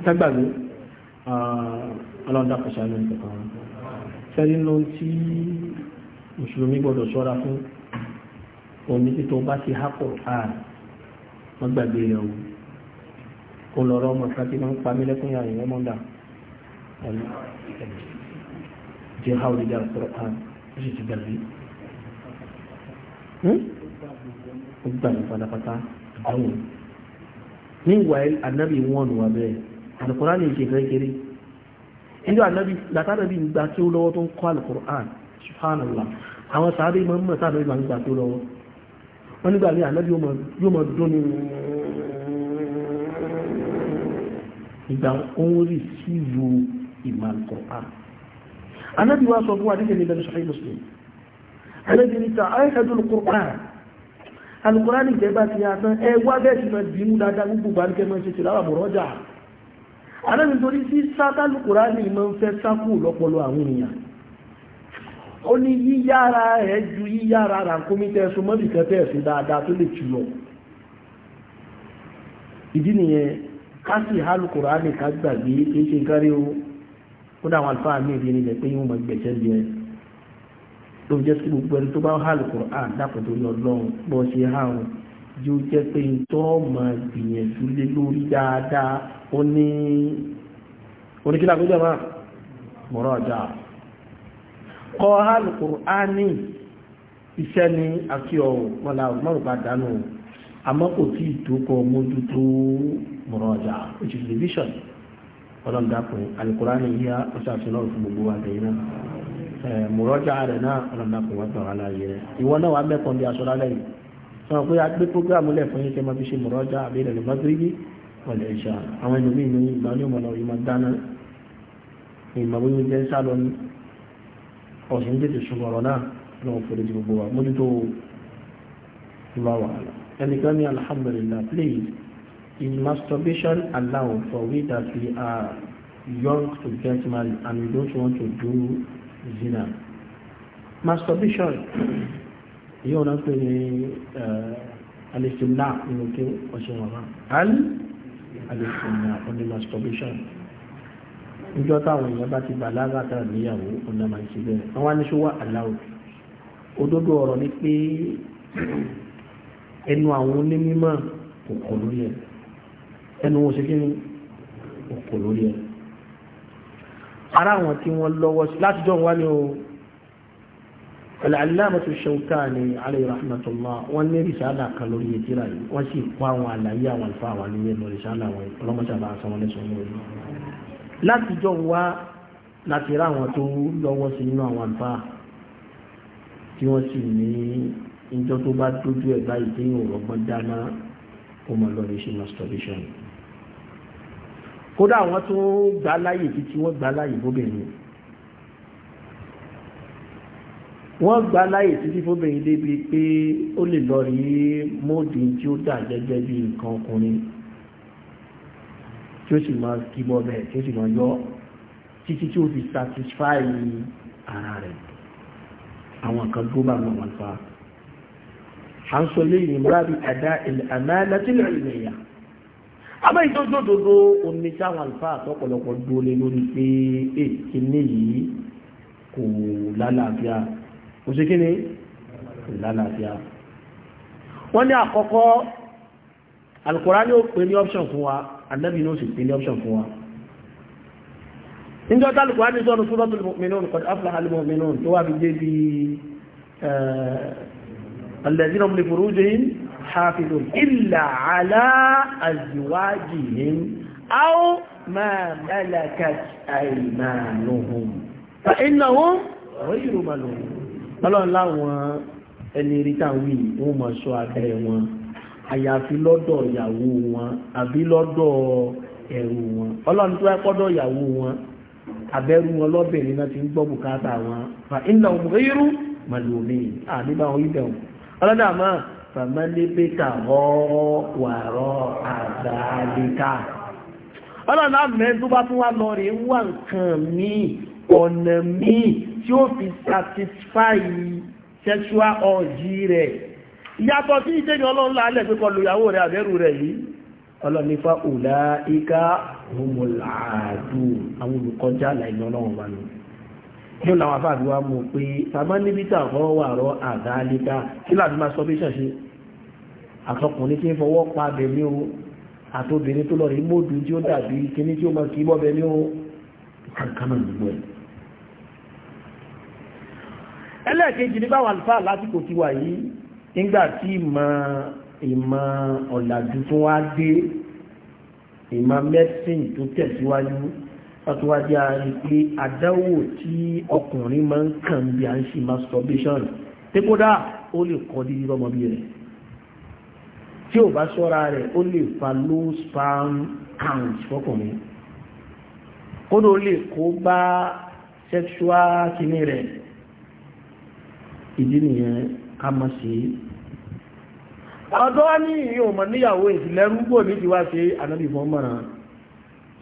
tágbàgbé ọlọ́dàkọ̀ṣà ló ń tẹ̀kọ̀ wọn fẹ́rí ló tí mùsùlùmí gbọ́dọ̀ ṣọ́ra fún omi tí tó bá ti hápọ̀ àà wọ́n gbàgbé rẹ̀ o kó lọ́rọ́ ọmọ ìfà tí wọ́n ń pa mí lẹ́kùn yàrá ìwọ́n mọ́dà jẹ́ ha orí jà sọ̀rọ̀ ó sì ti gbàgbé hm? ó gbàgbé pátápátá àdáwò meanwhile anabi wọn wà bẹ́ẹ̀ alukur'an yìí ṣe fẹ́ kiri inú anabi látàdàbí ìgbà tí ó lọ́wọ́ tó ń kọ́ alukur'an subhanallah àwọn sáré máa ń mọ̀ sáré máa ń gbà tó lọ́wọ́ wọ́n nígbà ní anabi yóò máa dún ní ìgbà òun rí sí ìlú ìmọ̀ alukur'an anabi wa sọ fún wa nígbà ní ìlànà sahih muslim anabi ní ta ayé ẹdùn alukur'an alukurani ìjẹba ti yà tán ẹwà bẹ́ẹ̀ ti mọ̀ dìímú dáadáa gbogbo bá ní kẹ́ mọ́ ṣe ti láwà bọ̀rọ̀ ọjà àdáni torí sí sáká alukurani mọ́ ń fẹ́ sákù ya àwọn èèyàn ó ní yíyára ẹ̀ ju yíyára ràkúmítẹ́ sọ mọ́bì kẹtẹ́ ẹ̀sìn dáadáa tó lè jùlọ ìdí nìyẹn ká sì alukurani ká gbàgbé kí ṣe gárí ó kó dáwọn alfáà ìdí nílẹ̀ pé yóò ló jẹ́ kí gbogbo ẹni tó bá ń hàlù Qur'an dákòtò ní ọlọ́run bọ́ ṣe hàrùn yóò jẹ́ pé n tó mọ gbìyànjú lé lórí dáadáa ó ní oníkílà tó jẹ́ máa mọ̀rọ̀ ọjà kọ́ hàlù Qur'an ní iṣẹ́ ní akíọ̀ wọn la bá dánú àmọ́ kò tí ì tó kọ́ mójútó mọ̀rọ̀ ọjà which is division ọlọ́run dákùn Al-Qur'an ní yíyá ọ̀ṣàfihàn fún gbogbo wa náà. Eh, mùrọ́jà rẹ̀ náà ọlọ́dàkùn wọ́n aláyé rẹ̀ ìwọ náà wà mẹ́kàn bí aṣọ lálẹ́ yìí sọ pé a programu lẹ̀ fún yín kí ẹ máa fi ṣe mùrọ́jà àbẹ̀rẹ̀ lè mọ́gírígì wọlé ìṣà àwọn ẹni míì ní ìgbà ní náà ìmọ̀ dáná ìmọ̀ bóyá jẹ́ sálọ ní ọ̀sìn tètè ṣùgbọ́rọ̀ náà lọ́wọ́ fèrè ti gbogbo wa mójútó ìmọ̀ wàhálà ẹnìkan ní alhamdulillah please in masturbation allow for we that we are young to get married and we don't want to do zina masturbation yóò náà pè ní alistimna nínú kí ọ̀sẹ̀ wọn rán al alistimna ó ní masturbation níjọ́ táwọn èèyàn bá ti bàlágà tá níyàwó ọ̀nà máa ń ṣe bẹ́ẹ̀ àwọn aníṣòwò aláwọ̀ òdodo ọ̀rọ̀ ni pé ẹnu àwọn onímọ̀ kò kọ̀ lórí ẹ̀ ẹnu wọn ṣe kí ni kò kọ̀ lórí ẹ̀ ara àwọn tí wọ́n lọ́wọ́ sí látijọ́ wá ní o Al-Allamatu Shawkani alayhi rahmatullah wọ́n ní rìsáàlà kan lórí ètìrà yìí wọ́n sì kó àwọn àlàyé àwọn àlùfáà wà nínú ẹ̀lọ́ rìsáàlà wọn ọlọ́mọṣàlá àsánwọ́n lẹ́sọ̀ mọ́ ẹ̀lọ́ látijọ́ wá láti rá àwọn tó lọ́wọ́ sí nínú àwọn àlùfáà tí wọ́n sì ní ìjọ tó bá dójú ẹ̀ báyìí tí yóò rọgbọ́n dáná kó mọ̀ lọ́ọ́ kódà àwọn tó gbà láyè títí wọ́n gbà láyè fóbìnrin wọ́n gbà láyè títí fóbìnrin débi pé ó lè lọ rí móòdì tí ó dà gẹ́gẹ́ bí nǹkan ọkùnrin tí ó sì máa kíbọ̀ bẹ́ẹ̀ tí ó sì máa yọ títí tí ó fi satisfy ara rẹ̀ àwọn nǹkan tó bá wọn wọn fa à lẹ́yìn rábì àdá ìlànà látìlẹ̀ ìlẹ̀yà àmọ́ ìdójódodo omi táwọn àlùfáà àtọ́pọ̀lọpọ̀ dúró lórí pé èkíní yìí kò lálàáfíà kò sí kíní kò lálàáfíà wọ́n ní àkọ́kọ́ Al-Kùránì ó pè ní option fún wa Ànábì ní ó sì pè ní option fún wa níjọ́ tí Al-Kùránì sọ́nù Suratul Mu'minun qad aflaha al-mu'minun tó wà fi dé bí eh, alladhina hum li furujihim hafizun illa ala azwajihim aw ma malakat aymanuhum fa innahum ghayru malumun ọlọ́run láwọn ẹni rí táwí wọn mọ̀ sọ abẹ́rẹ́ wọn àyàfi lọ́dọ̀ ìyàwó wọn àbí lọ́dọ̀ ẹ̀rù wọn ọlọ́run tó wáyé pọ́dọ̀ ìyàwó wọn abẹ́rù wọn lọ́bìnrin náà ti ń gbọ́ bùkátà wọn fa innahum ghayru malumin àbí báwọn ibẹ̀ wọn ọlọ́dà máa fàmálébétà ọ̀rọ̀ wàrọ̀ àdáàlítà ọlọ́nà mẹ́rin tó bá tún wá lọ rèé wà nǹkan míì ọ̀nà míì tí ó fi satisfy sexual urge rẹ̀ ìyàtọ̀ sí ìdẹ́ni ọlọ́run lálẹ́ pé kọ lòyàwó rẹ̀ àbẹ́rù rẹ̀ yìí ọlọ́nifá òlà ìka homolàádù àwọn olùkọjá làìní ọlọ́run wà ní ní ọ̀làwọ̀ afáàbí wa pé fàmálébétà ọ̀rọ̀ wàrọ̀ àdáàlítà kí láti máa àtọkùnrin tí ń fọwọ́ pa bẹ̀mí o àtobìnrin tó lọ rí móòdù tí ó dàbí kíní tí ó máa kí bọ́ bẹ̀mí o kankan náà gbogbo ẹ̀ ẹlẹ́ẹ̀kejì ní báwọn àlùfáà lásìkò ti wà yìí nígbà tí ìmọ̀ ìmọ̀ ọ̀làjú tó wá dé ìmọ̀ mẹ́sìn tó tẹ̀síwájú ọtúwájú àárín pé àdáwò tí ọkùnrin máa ń kàn bí à ń ṣe masturbation tí kódà ó lè kọ́ dídí ọmọ bí rẹ̀ tí ò bá ṣọ́ra rẹ̀ ó lè fa low sperm count fọ́kùnrin kódò lè kó bá sexual kìíní rẹ̀ ìdí nìyẹn ká mọ́ sí ọdọ́ ní ìyí ọmọ níyàwó ìfìlẹ́rúgbò ní ti wá sí anábì fún mọ́ràn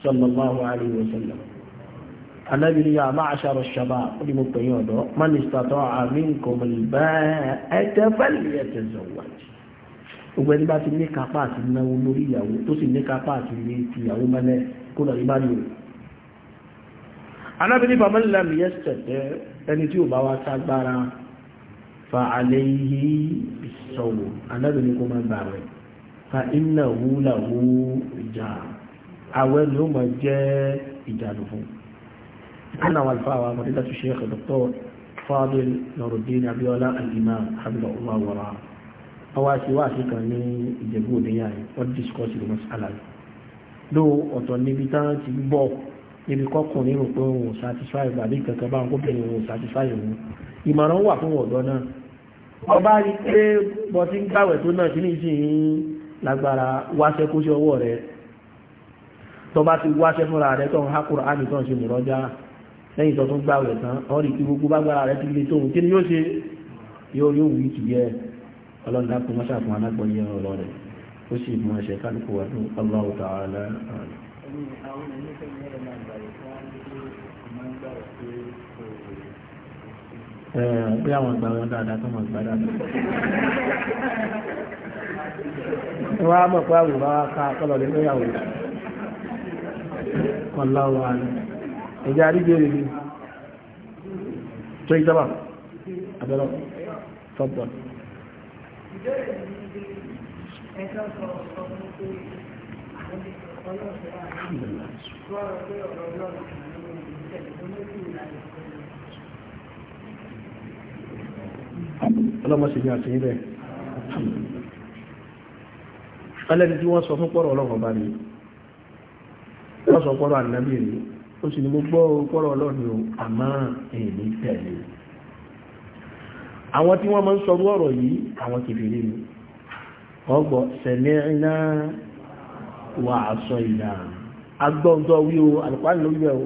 sallallahu alaihi wasallam anábì ní yàmá àṣàrò ṣàbà ó dì pẹ̀yìn ọ̀dọ́ man istata'a minkum al-ba'ata falyatazawwaj gbogbo ẹni bá ti ní kápá àti náwó lórí ìyàwó tó sì ní kápá àti ní ti ìyàwó mẹ́lẹ̀ kó lọ rí bá ní o anábìnrin bàbá ńlá mi yẹ sẹ̀tẹ̀ ẹni tí ò bá wá ságbára fa alẹ́ yìí sọ̀wọ̀ anábìnrin kó máa gbà fa iná wúláwó ìjà àwẹ́ ni ó máa jẹ́ ìjànù fún ana wà fà wà mọ̀dílá tó ṣe é Dr. Fadil Nuruddin Abiola al-Imam hamdu wọ́n wá sí wáàsí kan ní ìjẹ̀bú òdeyà yìí wọ́n discuss the masala yìí ló ọ̀tọ̀ níbi tán ti bọ̀ níbi kọkùnrin rò pé òun satisfy àbí kankan báwọn kóbìnrin òun satisfy òun ìmọ̀ràn wà fún ọ̀dọ́ náà ọba rí pé bọ́tí ń gbàwẹ̀ tó náà kíní sí ń lágbára wáṣẹ́ kó sí ọwọ́ rẹ̀ tó bá ti wáṣẹ́ fúnra rẹ̀ tó ń há Kùránì tó ń ṣe mùrọ́jà lẹ́yìn tó tún gbàwẹ̀ tán ọ̀rí kí gbogbo bá gbára rẹ̀ ti le tóun kí ni yóò ṣe yóò yóò wí kìí ọlọ́run dákun mọ́ṣà fún alágbọ̀nyẹ ọ̀rọ̀ rẹ̀ ó sì mọ ẹ̀ṣẹ̀ kálukú wa ní Allahu ta'ala ààrẹ. bí àwọn ìgbà wọn dáadáa tó mọ̀ ìgbà dáadáa wọ́n á mọ̀ pé àwọn ìbá ká kọ́lọ̀ lé lóyàwó ọláwọ̀ àná ẹ̀jẹ̀ àrígbèrè ni tó ìjọba abẹ́rọ̀ tọ́pọ̀ ìbéèrè mi ni ẹjọ́ sọ sọ ọlọ́mọ sí ní àti ilẹ̀ alẹ́ni tí wọ́n sọ fún pọ́rọ̀ bá ní wọ́n sọ pọ́rọ̀ rí ó sì mo gbọ́ pọ́rọ̀ tẹ̀lé àwọn tí wọ́n máa ń sọrú ọ̀rọ̀ yìí àwọn kèfèrè ni ọgbọ̀ sẹ̀mẹ́rìnà wà sọ ìlà agbọ́ ń tọ́ wí o alùpàá ló wíwẹ̀ o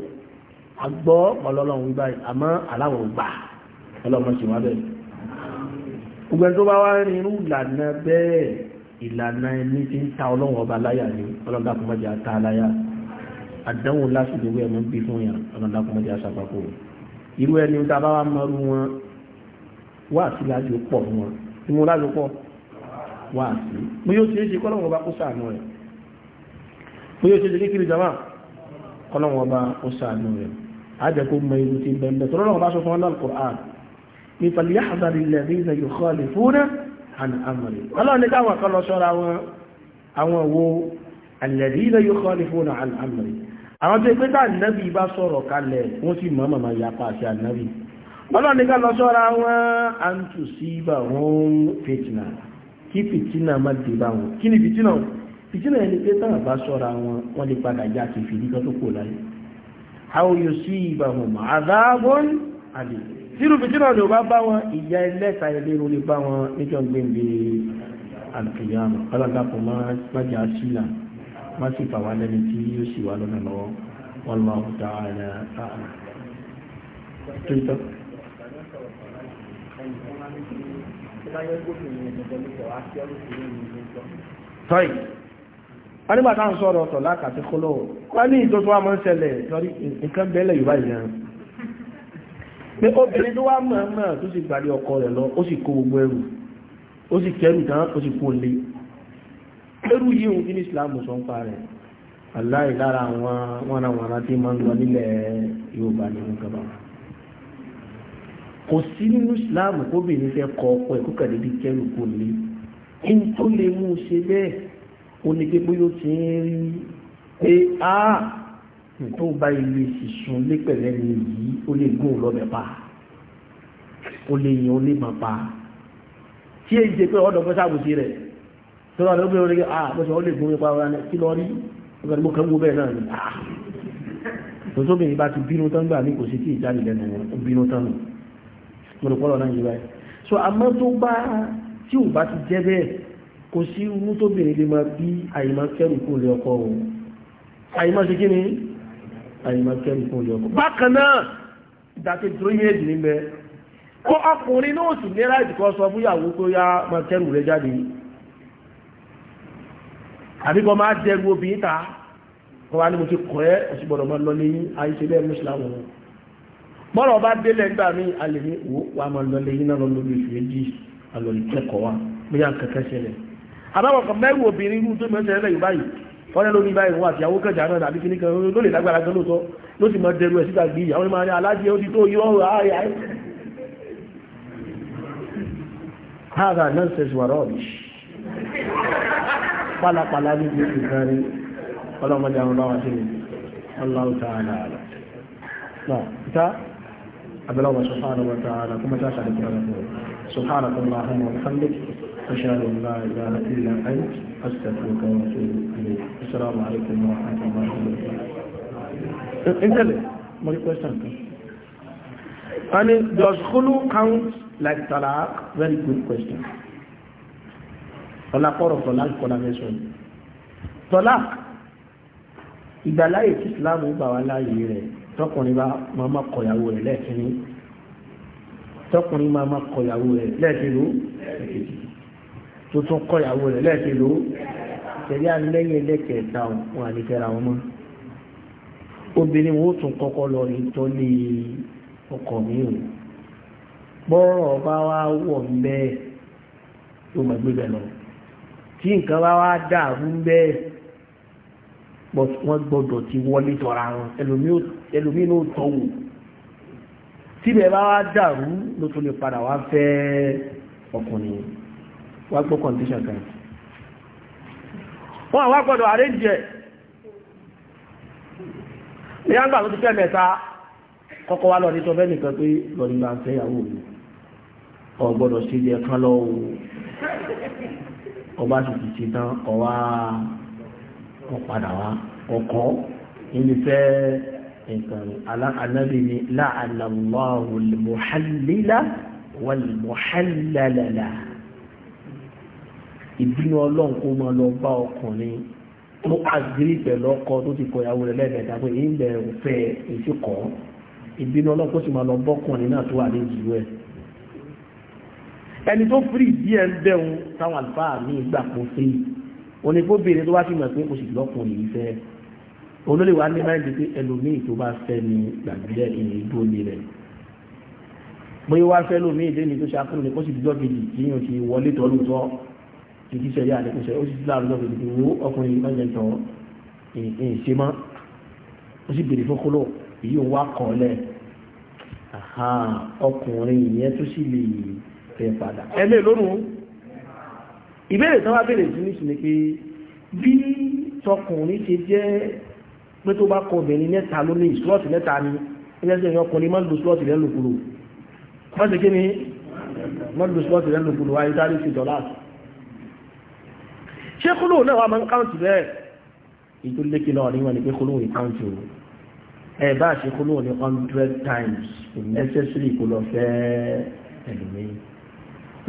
agbọ́ ọlọ́lọ́run wí báyìí àmọ́ aláwọ̀ gbà ọlọ́mọ sì wá bẹ́ẹ̀ gbogbo ẹni tó bá wá rin irú ìlànà ẹni tí ń ta ni ọlọ́dà kò wọn wáàsí láti pọ̀ mú wọn tí mo láti pọ̀ wáàsí mo yóò ṣe é ṣe kọ́lọ́wọ́n bá kó sàánú rẹ̀ mo yóò ṣe é ṣe kékeré jama kọ́lọ́wọ́n bá kó sàánú rẹ̀ àjẹ́ kó mọ irú ti bẹ̀m̀bẹ̀ tó lọ́wọ́ bá sọ fún ọlọ́run Qur'an ní falyahdhari alladhina ọlọ́ni ká lọ sọ́ra wọn à ń tù sí ibà wọn fìtìnà kí fìtìnà má dé bá wọn kí ni fìtìnà fìtìnà ẹni pé táwọn bá sọ́ra wọn wọ́n lè padà já sí fìdí kan tó kò láyé àwọn yóò sí ibà wọn mọ̀ àdáàbọ̀n àlè tírú fìtìnà ni ò bá bá wọn ìyá ẹlẹ́ta ẹlẹ́rú lè bá wọn níjọ́ gbẹ̀ngbẹ̀ àlùkìyàmù ọlọ́dàpọ̀ má jà sílà má sì fà wá lẹ́ni tí yóò sì wá lọ́nà lọ́wọ́ wallahu ta'ala a'lam tọ́yì wọ́n nígbà táwọn sọ̀rọ̀ ọ̀tọ̀ lákàtí kóló wọ́n ní ìtòtò wa máa ń ṣẹlẹ̀ lórí nǹkan bẹ́lẹ̀ yorùbá ìyẹn pé obìnrin tó wá mọ̀ọ́mọ̀ tó sì gbàlẹ̀ ọkọ rẹ̀ lọ ó sì kó gbogbo ẹrù ó sì kẹrù tán ó sì kó lé ẹrù yìí òun kí ní Islam sọ ń pa rẹ̀ aláì lára àwọn wọnàwọnà tí máa ń lọ nílẹ̀ yorùbá ní nǹkan báwọn kò sí nínú ìsìláàmù kóbìnrin fẹ́ kọ ọkọ ẹ̀ kókà débi kẹrù kò ní ẹni tó lè mú un ṣe bẹ́ẹ̀ ó ní pé bóyá ó ti ń rí pé á tó bá ilé sísun lépẹ̀lẹ́ ni yìí ó lè gún un lọ́bẹ̀ pa ó lè yan ó lè mọ̀ pa tí èyí ṣe pé ọ̀dọ̀ fẹ́ sábùsí rẹ̀ tó lọ́dọ̀ ó bẹ̀rẹ̀ ó lè ah mo sọ ó lè gún mi pa wọn kí lọ rí mo kàn ń wo bẹ́ẹ̀ náà ni ah tòótọ́ mi bá ti bínú tán gbà ní kò sí kí ìjáde lẹ́nu ó bínú tán nù mọ̀lùpọ̀lọ̀ náà yìí báyìí so àmọ́ tó bá tí ò bá ti jẹ́ bẹ́ẹ̀ kò sí irú tó bèrè lè máa bí àyèmá kẹ́rù kó lè ọkọ o àyèmá ṣe kí ni àyèmá kẹ́rù kó lè ọkọ bákan náà ìdákẹ́ dúró yé èdè níbẹ̀ kó ọkùnrin náà sì ní láti kọ́ sọ fún ìyàwó tó yá máa kẹ́rù rẹ jáde àbíkọ́ máa jẹ́ obìnrin ta wọ́n wá ní mo ti kọ́ ẹ́ òṣìgbọ́dọ̀ máa lọ ní ayé ṣe bọ́rọ̀ bá délẹ̀ gbà mí alẹ́ ní wò wà máa lọlé yín náà lọ́lọ́bí oṣù méjì alọ́lẹ̀ kẹ́kọ̀ọ́ wa bóyá kẹ́kẹ́ ṣẹlẹ̀ àbáwọn kan mẹ́rù obìnrin irú tó mẹ́sẹ̀ lẹ́yìn báyìí wọ́n lé lórí báyìí wọ́n àti àwọn kẹjà náà àbí kíní kan ló lè lágbára gan lóòótọ́ ló sì mọ dẹrù ẹ̀ síta gbé ìyàwó máa ní alájẹ ó ti tó yọ ọ̀rọ̀ ààrẹ ààrẹ. hàrà nọ́ọ̀sẹ̀sì wà rọ́ọ̀bì pálapàla ní gbèsè kan ní ọlọ́mọdé àwọn bá wà sí ni ọlọ́ọ̀tà àlàálà abdullahi wa subhanahu wa ta'ala kuma ta sa da kira da kuma subhanahu wa ta'ala wa hamdik ashhadu an la ilaha illa ant astaghfiruka wa atubu ilayk assalamu alaikum wa rahmatullahi wa barakatuh in tell my question and does khulu count like talaq very good question ọ̀la kọ́rọ̀ talaq kọ́la mẹ́sàn-án talaq ìgbàláyè tí islam gbà wá láàyè rẹ̀ tọkùnrin bá máa má kọ̀yàwó rẹ̀ lẹ́ẹ̀kínní tọkùnrin máa má kọ̀yàwó rẹ̀ lẹ́ẹ̀kínní tó tún kọ̀yàwó rẹ̀ lẹ́ẹ̀kínní tẹ̀lé alẹ́yìn ẹlẹ́kẹ̀ẹ́ta wọn àdìfẹ́ra wọn mọ́ obìnrin wo tún kọ́kọ́ lọ rí tó ní ọkọ o bọ́rọ̀ bá wá wọ̀ ń bẹ́ẹ̀ tó mọ̀ gbé bẹ́ẹ̀ lọ tí nǹkan bá wá dàrú ń but wọ́n gbọ́dọ̀ ti wọlé tọ́ra wọn ẹlòmí ló tọ́wò tíbẹ̀ bá wá dàrú ló tún lè padà wá fẹ́ ọkùnrin wá gbọ́ condition kan wọ́n wá gbọ́dọ̀ àrẹ́jẹ̀ ní àgbà ló ti fẹ́ mẹ́ta kọ́kọ́ wá lọ ní tọ́fẹ́ nìkan pé lọ ní bá ń fẹ́ ìyàwó mi ò gbọ́dọ̀ ṣe jẹ kán lọ́wọ́ wọ́n padà wá ọkọ̀ ìnífẹ́ nǹkan aláàbí ni láàlàmọ́rù lèmọ́hálílá wàlèmọ́hálálàlà ìbínú ọlọ́run kó máa lọ bá ọkùnrin tó àgírí pẹ̀lú ọkọ tó ti kọ ìyàwó rẹ̀ lẹ́ẹ̀mẹ́ta pé ìbẹ̀ òfẹ́ èsì kọ́ ìbínú ọlọ́run kó sì máa lọ bọ́kùnrin náà tó wà ní ìlú ẹ̀ ẹni tó fìrí ìdí ẹ̀ ń bẹ̀rù táwọn àlùfáà mi gbà kó fẹ́ yìí onígbóbìnrin tó bá ti mọ̀ pé kò sì lọ́kùn yìí fẹ́ olólè wa ní máa ń di pé ẹlòmíì tó bá fẹ́ ni gbàgbé ìyẹn dúró ní rẹ̀ bóyá wá fẹ́ lómìí dé ní tó ṣàkóso ní kó sì dúdọ́ kejì tí yóò ti wọlé tọ́ lóòótọ́ títí sẹ́yà àdékùsẹ́ ó sì ti láàrú lọ́kùn yìí wo ọkùnrin máa ń jẹ tọ́ ìhìn ṣe mọ́ ó sì bèrè fókóló èyí ò wá kọ́ lẹ̀ ọkùnrin ìyẹn tó sì lè fẹ́ padà ẹ̀mí lónìí ìbéèrè tán wá béèrè sí ní ìsìnkú pé bí tọkùnrin ṣe jẹ́ pé tó bá kọ obìnrin mẹ́ta ló ní slọ́ọ̀tì mẹ́ta ni ẹgbẹ́sẹ̀ ìyẹn ọkùnrin máa ń lo slọ́ọ̀tì rẹ̀ lòkulò wọ́n ṣe kí ni máa ń lo slọ́ọ̀tì rẹ̀ lòkulò ayé sáré fi dọ́là ṣé kúlò náà wà máa ń káùntì bẹ́ẹ̀ ìtò lékè náà níwọ̀n ni pé kúlò ń káùntì o ẹ bá ṣe kúlò ní hundred times necessary kò lọ fẹ́ ẹlòmíràn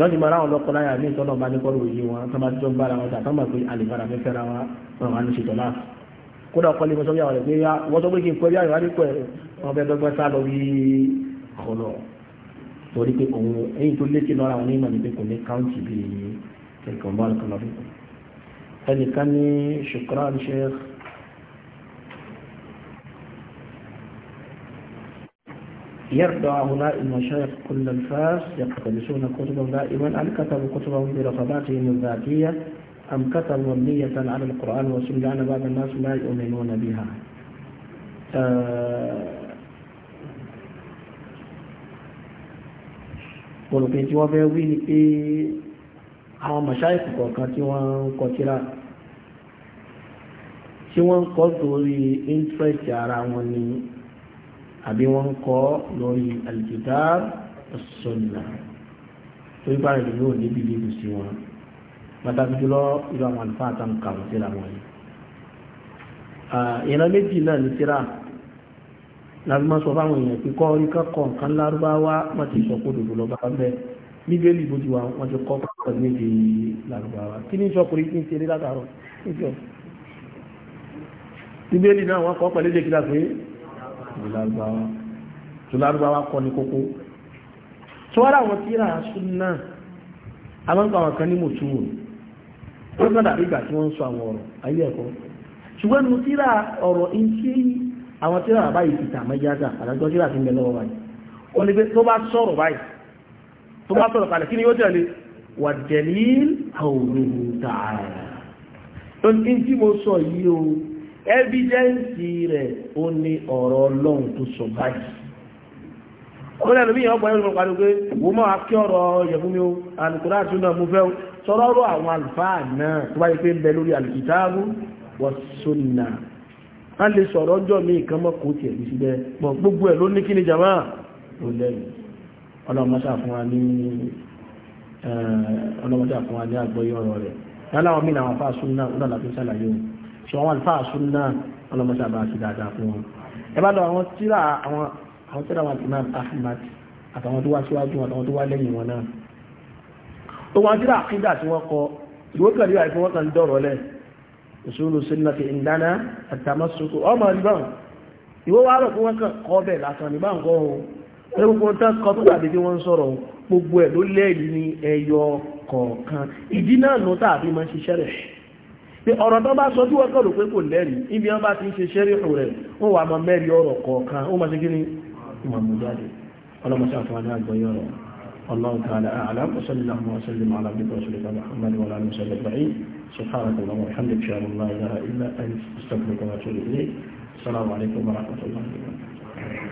lọ́ọ̀dì máa ráwọn lọ́kọ láyà ní ìtọ́nà bá nípọ́lù òye wọn tó máa jọ ń bára wọn tàbí máa pé àlèbára fẹ́ fẹ́ra wa wọn wà ní ṣètò náà kódà ọkọ lè mọ sọ́bí àwọn ẹ̀gbẹ́ yá wọ́n tó pé kí n pẹ́ bí àyọ̀ wá nípọ̀ ẹ̀ wọn fẹ́ dọ́gbọ́n sá lọ bí ọ̀rọ̀ torí pé òun ẹ̀yìn tó lékè lọ́ra wọn nímọ̀ ní pé kò ní يرفع هؤلاء المشايخ كل الفاس يقتبسون كتبا دائما أن كتبوا كتبهم برغباتهم الذاتية أم كتبوا مبنية على القرآن والسنة لأن بعض الناس لا يؤمنون بها olùpin tí wọ́n fẹ́ wí ni pé àwọn mọ̀ṣáìkù kọ̀ọ̀kan tí wọ́n ń àbí wọ́n ń kọ́ lórí alkitab as-sunnah tó bá rẹ̀ lóò níbi lílù sí wọn pàtàkì jùlọ ìlú àwọn àlùfáà tá ń kà wọ́n síra wọn yìí. ìran méjì náà ní síra lárúbá sọ fáwọn èèyàn pé kọ́ orí kọ́kọ́ nǹkan lárúbáwá wọ́n ti sọ pé òdòdó lọ́ba bẹ́ẹ̀ bíbélì bójú wa wọ́n ti kọ́ pọ̀ níbi lárúbáwá kí ní sọkùnrin kí n ṣe eré látàárọ̀ bíbélì náà wọ́n kọ́ pẹ̀lú ìlàgbàwá ìlàgbàwá kọ́ ní kókó tó wára àwọn tíra súnà aláǹkà àwọn kan ní mùtúwò ó kàn dàbí ìgbà tí wọ́n ń sọ àwọn ọ̀rọ̀ ayé ẹ̀kọ́ ṣùgbọ́n nínú tíra ọ̀rọ̀ ìṣe àwọn tíra bàbá yìí ti tà mẹ́jáàgà àdájọ́ tíra ti ń bẹ lọ́wọ́ báyìí ó ní pé tó bá sọ̀rọ̀ báyìí tó bá sọ̀rọ̀ kalẹ̀ kí ni yóò tẹ̀lé wà dẹ̀lí àwòrán tààrà ó ní tí mo sọ yìí o Evidence rẹ̀ ó ní ọ̀rọ̀ ọlọ́run tó sọ báyìí ó lẹ́nu bí ìyàwó pẹ̀lú ìpàdé pé wo máa kí ọ̀rọ̀ yẹ̀fún mi ó alùkùnrin àti ọ̀nà mú fẹ́ sọ̀rọ̀ ọ̀rọ̀ àwọn àlùfáà náà tó bá yẹ pé ń bẹ lórí alùkìtáàbù wọ́sùnà a lè sọ̀rọ̀ ọjọ́ mi kan mọ́ kó tiẹ̀ bí síbẹ̀ pọ̀ gbogbo ẹ̀ ló ní kí ni jàmá ó lẹ́nu ọlọ́mọṣà fún wa ní ọlọ́mọṣà fún wa ní àgbọ́yé ọ̀rọ̀ rẹ̀ lálàwọn mí làwọn afáàsùn náà ó náà láti sàlàyé òun tí wọ́n wà ní fáàsù náà ọlọ́mọṣẹ́ àbá sí dáadáa fún wọn ẹ bá lọ àwọn tíra àwọn àwọn tíra wọn Imam Ahmad àtàwọn tó wá síwájú wọn àtàwọn tó wá lẹ́yìn wọn náà ó wọn tíra àkídà tí wọ́n kọ ìwé kan ríra ìfowó kan dọ̀rọ̀ lẹ̀ usulu sunnati indana àtàmọ́sọ̀tò ọmọ ìbọn ìwé wa rọ̀ fún wọn kàn kọ́ bẹ̀ lásán nígbà ńkọ́ o ẹ gbogbo wọn tán kọ́ tó dàbí tí wọ́n ń sọ̀rọ̀ gbogbo ẹ̀ ló lẹ́ẹ̀lì ní ẹyọ kọ̀ọ̀kan ìdí náà nù tàbí máa ń ṣiṣẹ́ rẹ̀ pé ọ̀rọ̀ tó bá sọ tí wọ́n kọ̀rọ̀ pé kò lẹ́rìí ibi wọ́n bá ti ń ṣe ṣẹ́ríhù rẹ̀ ó wà mọ́ mẹ́rí ọ̀rọ̀ kọ̀ọ̀kan ó mọ̀ sí kíní ìmọ̀mù jáde ọlọ́mọṣẹ́ àfọwọ́n ní àgbọ̀yé ọ̀rọ̀ الله تعالى أعلم وصلى الله وسلم على عبدك ورسولك محمد وعلى آله وصحبه أجمعين سبحانك اللهم وبحمدك أشهد أن لا إله إلا أنت أستغفرك وأتوب إليك السلام عليكم ورحمة الله وبركاته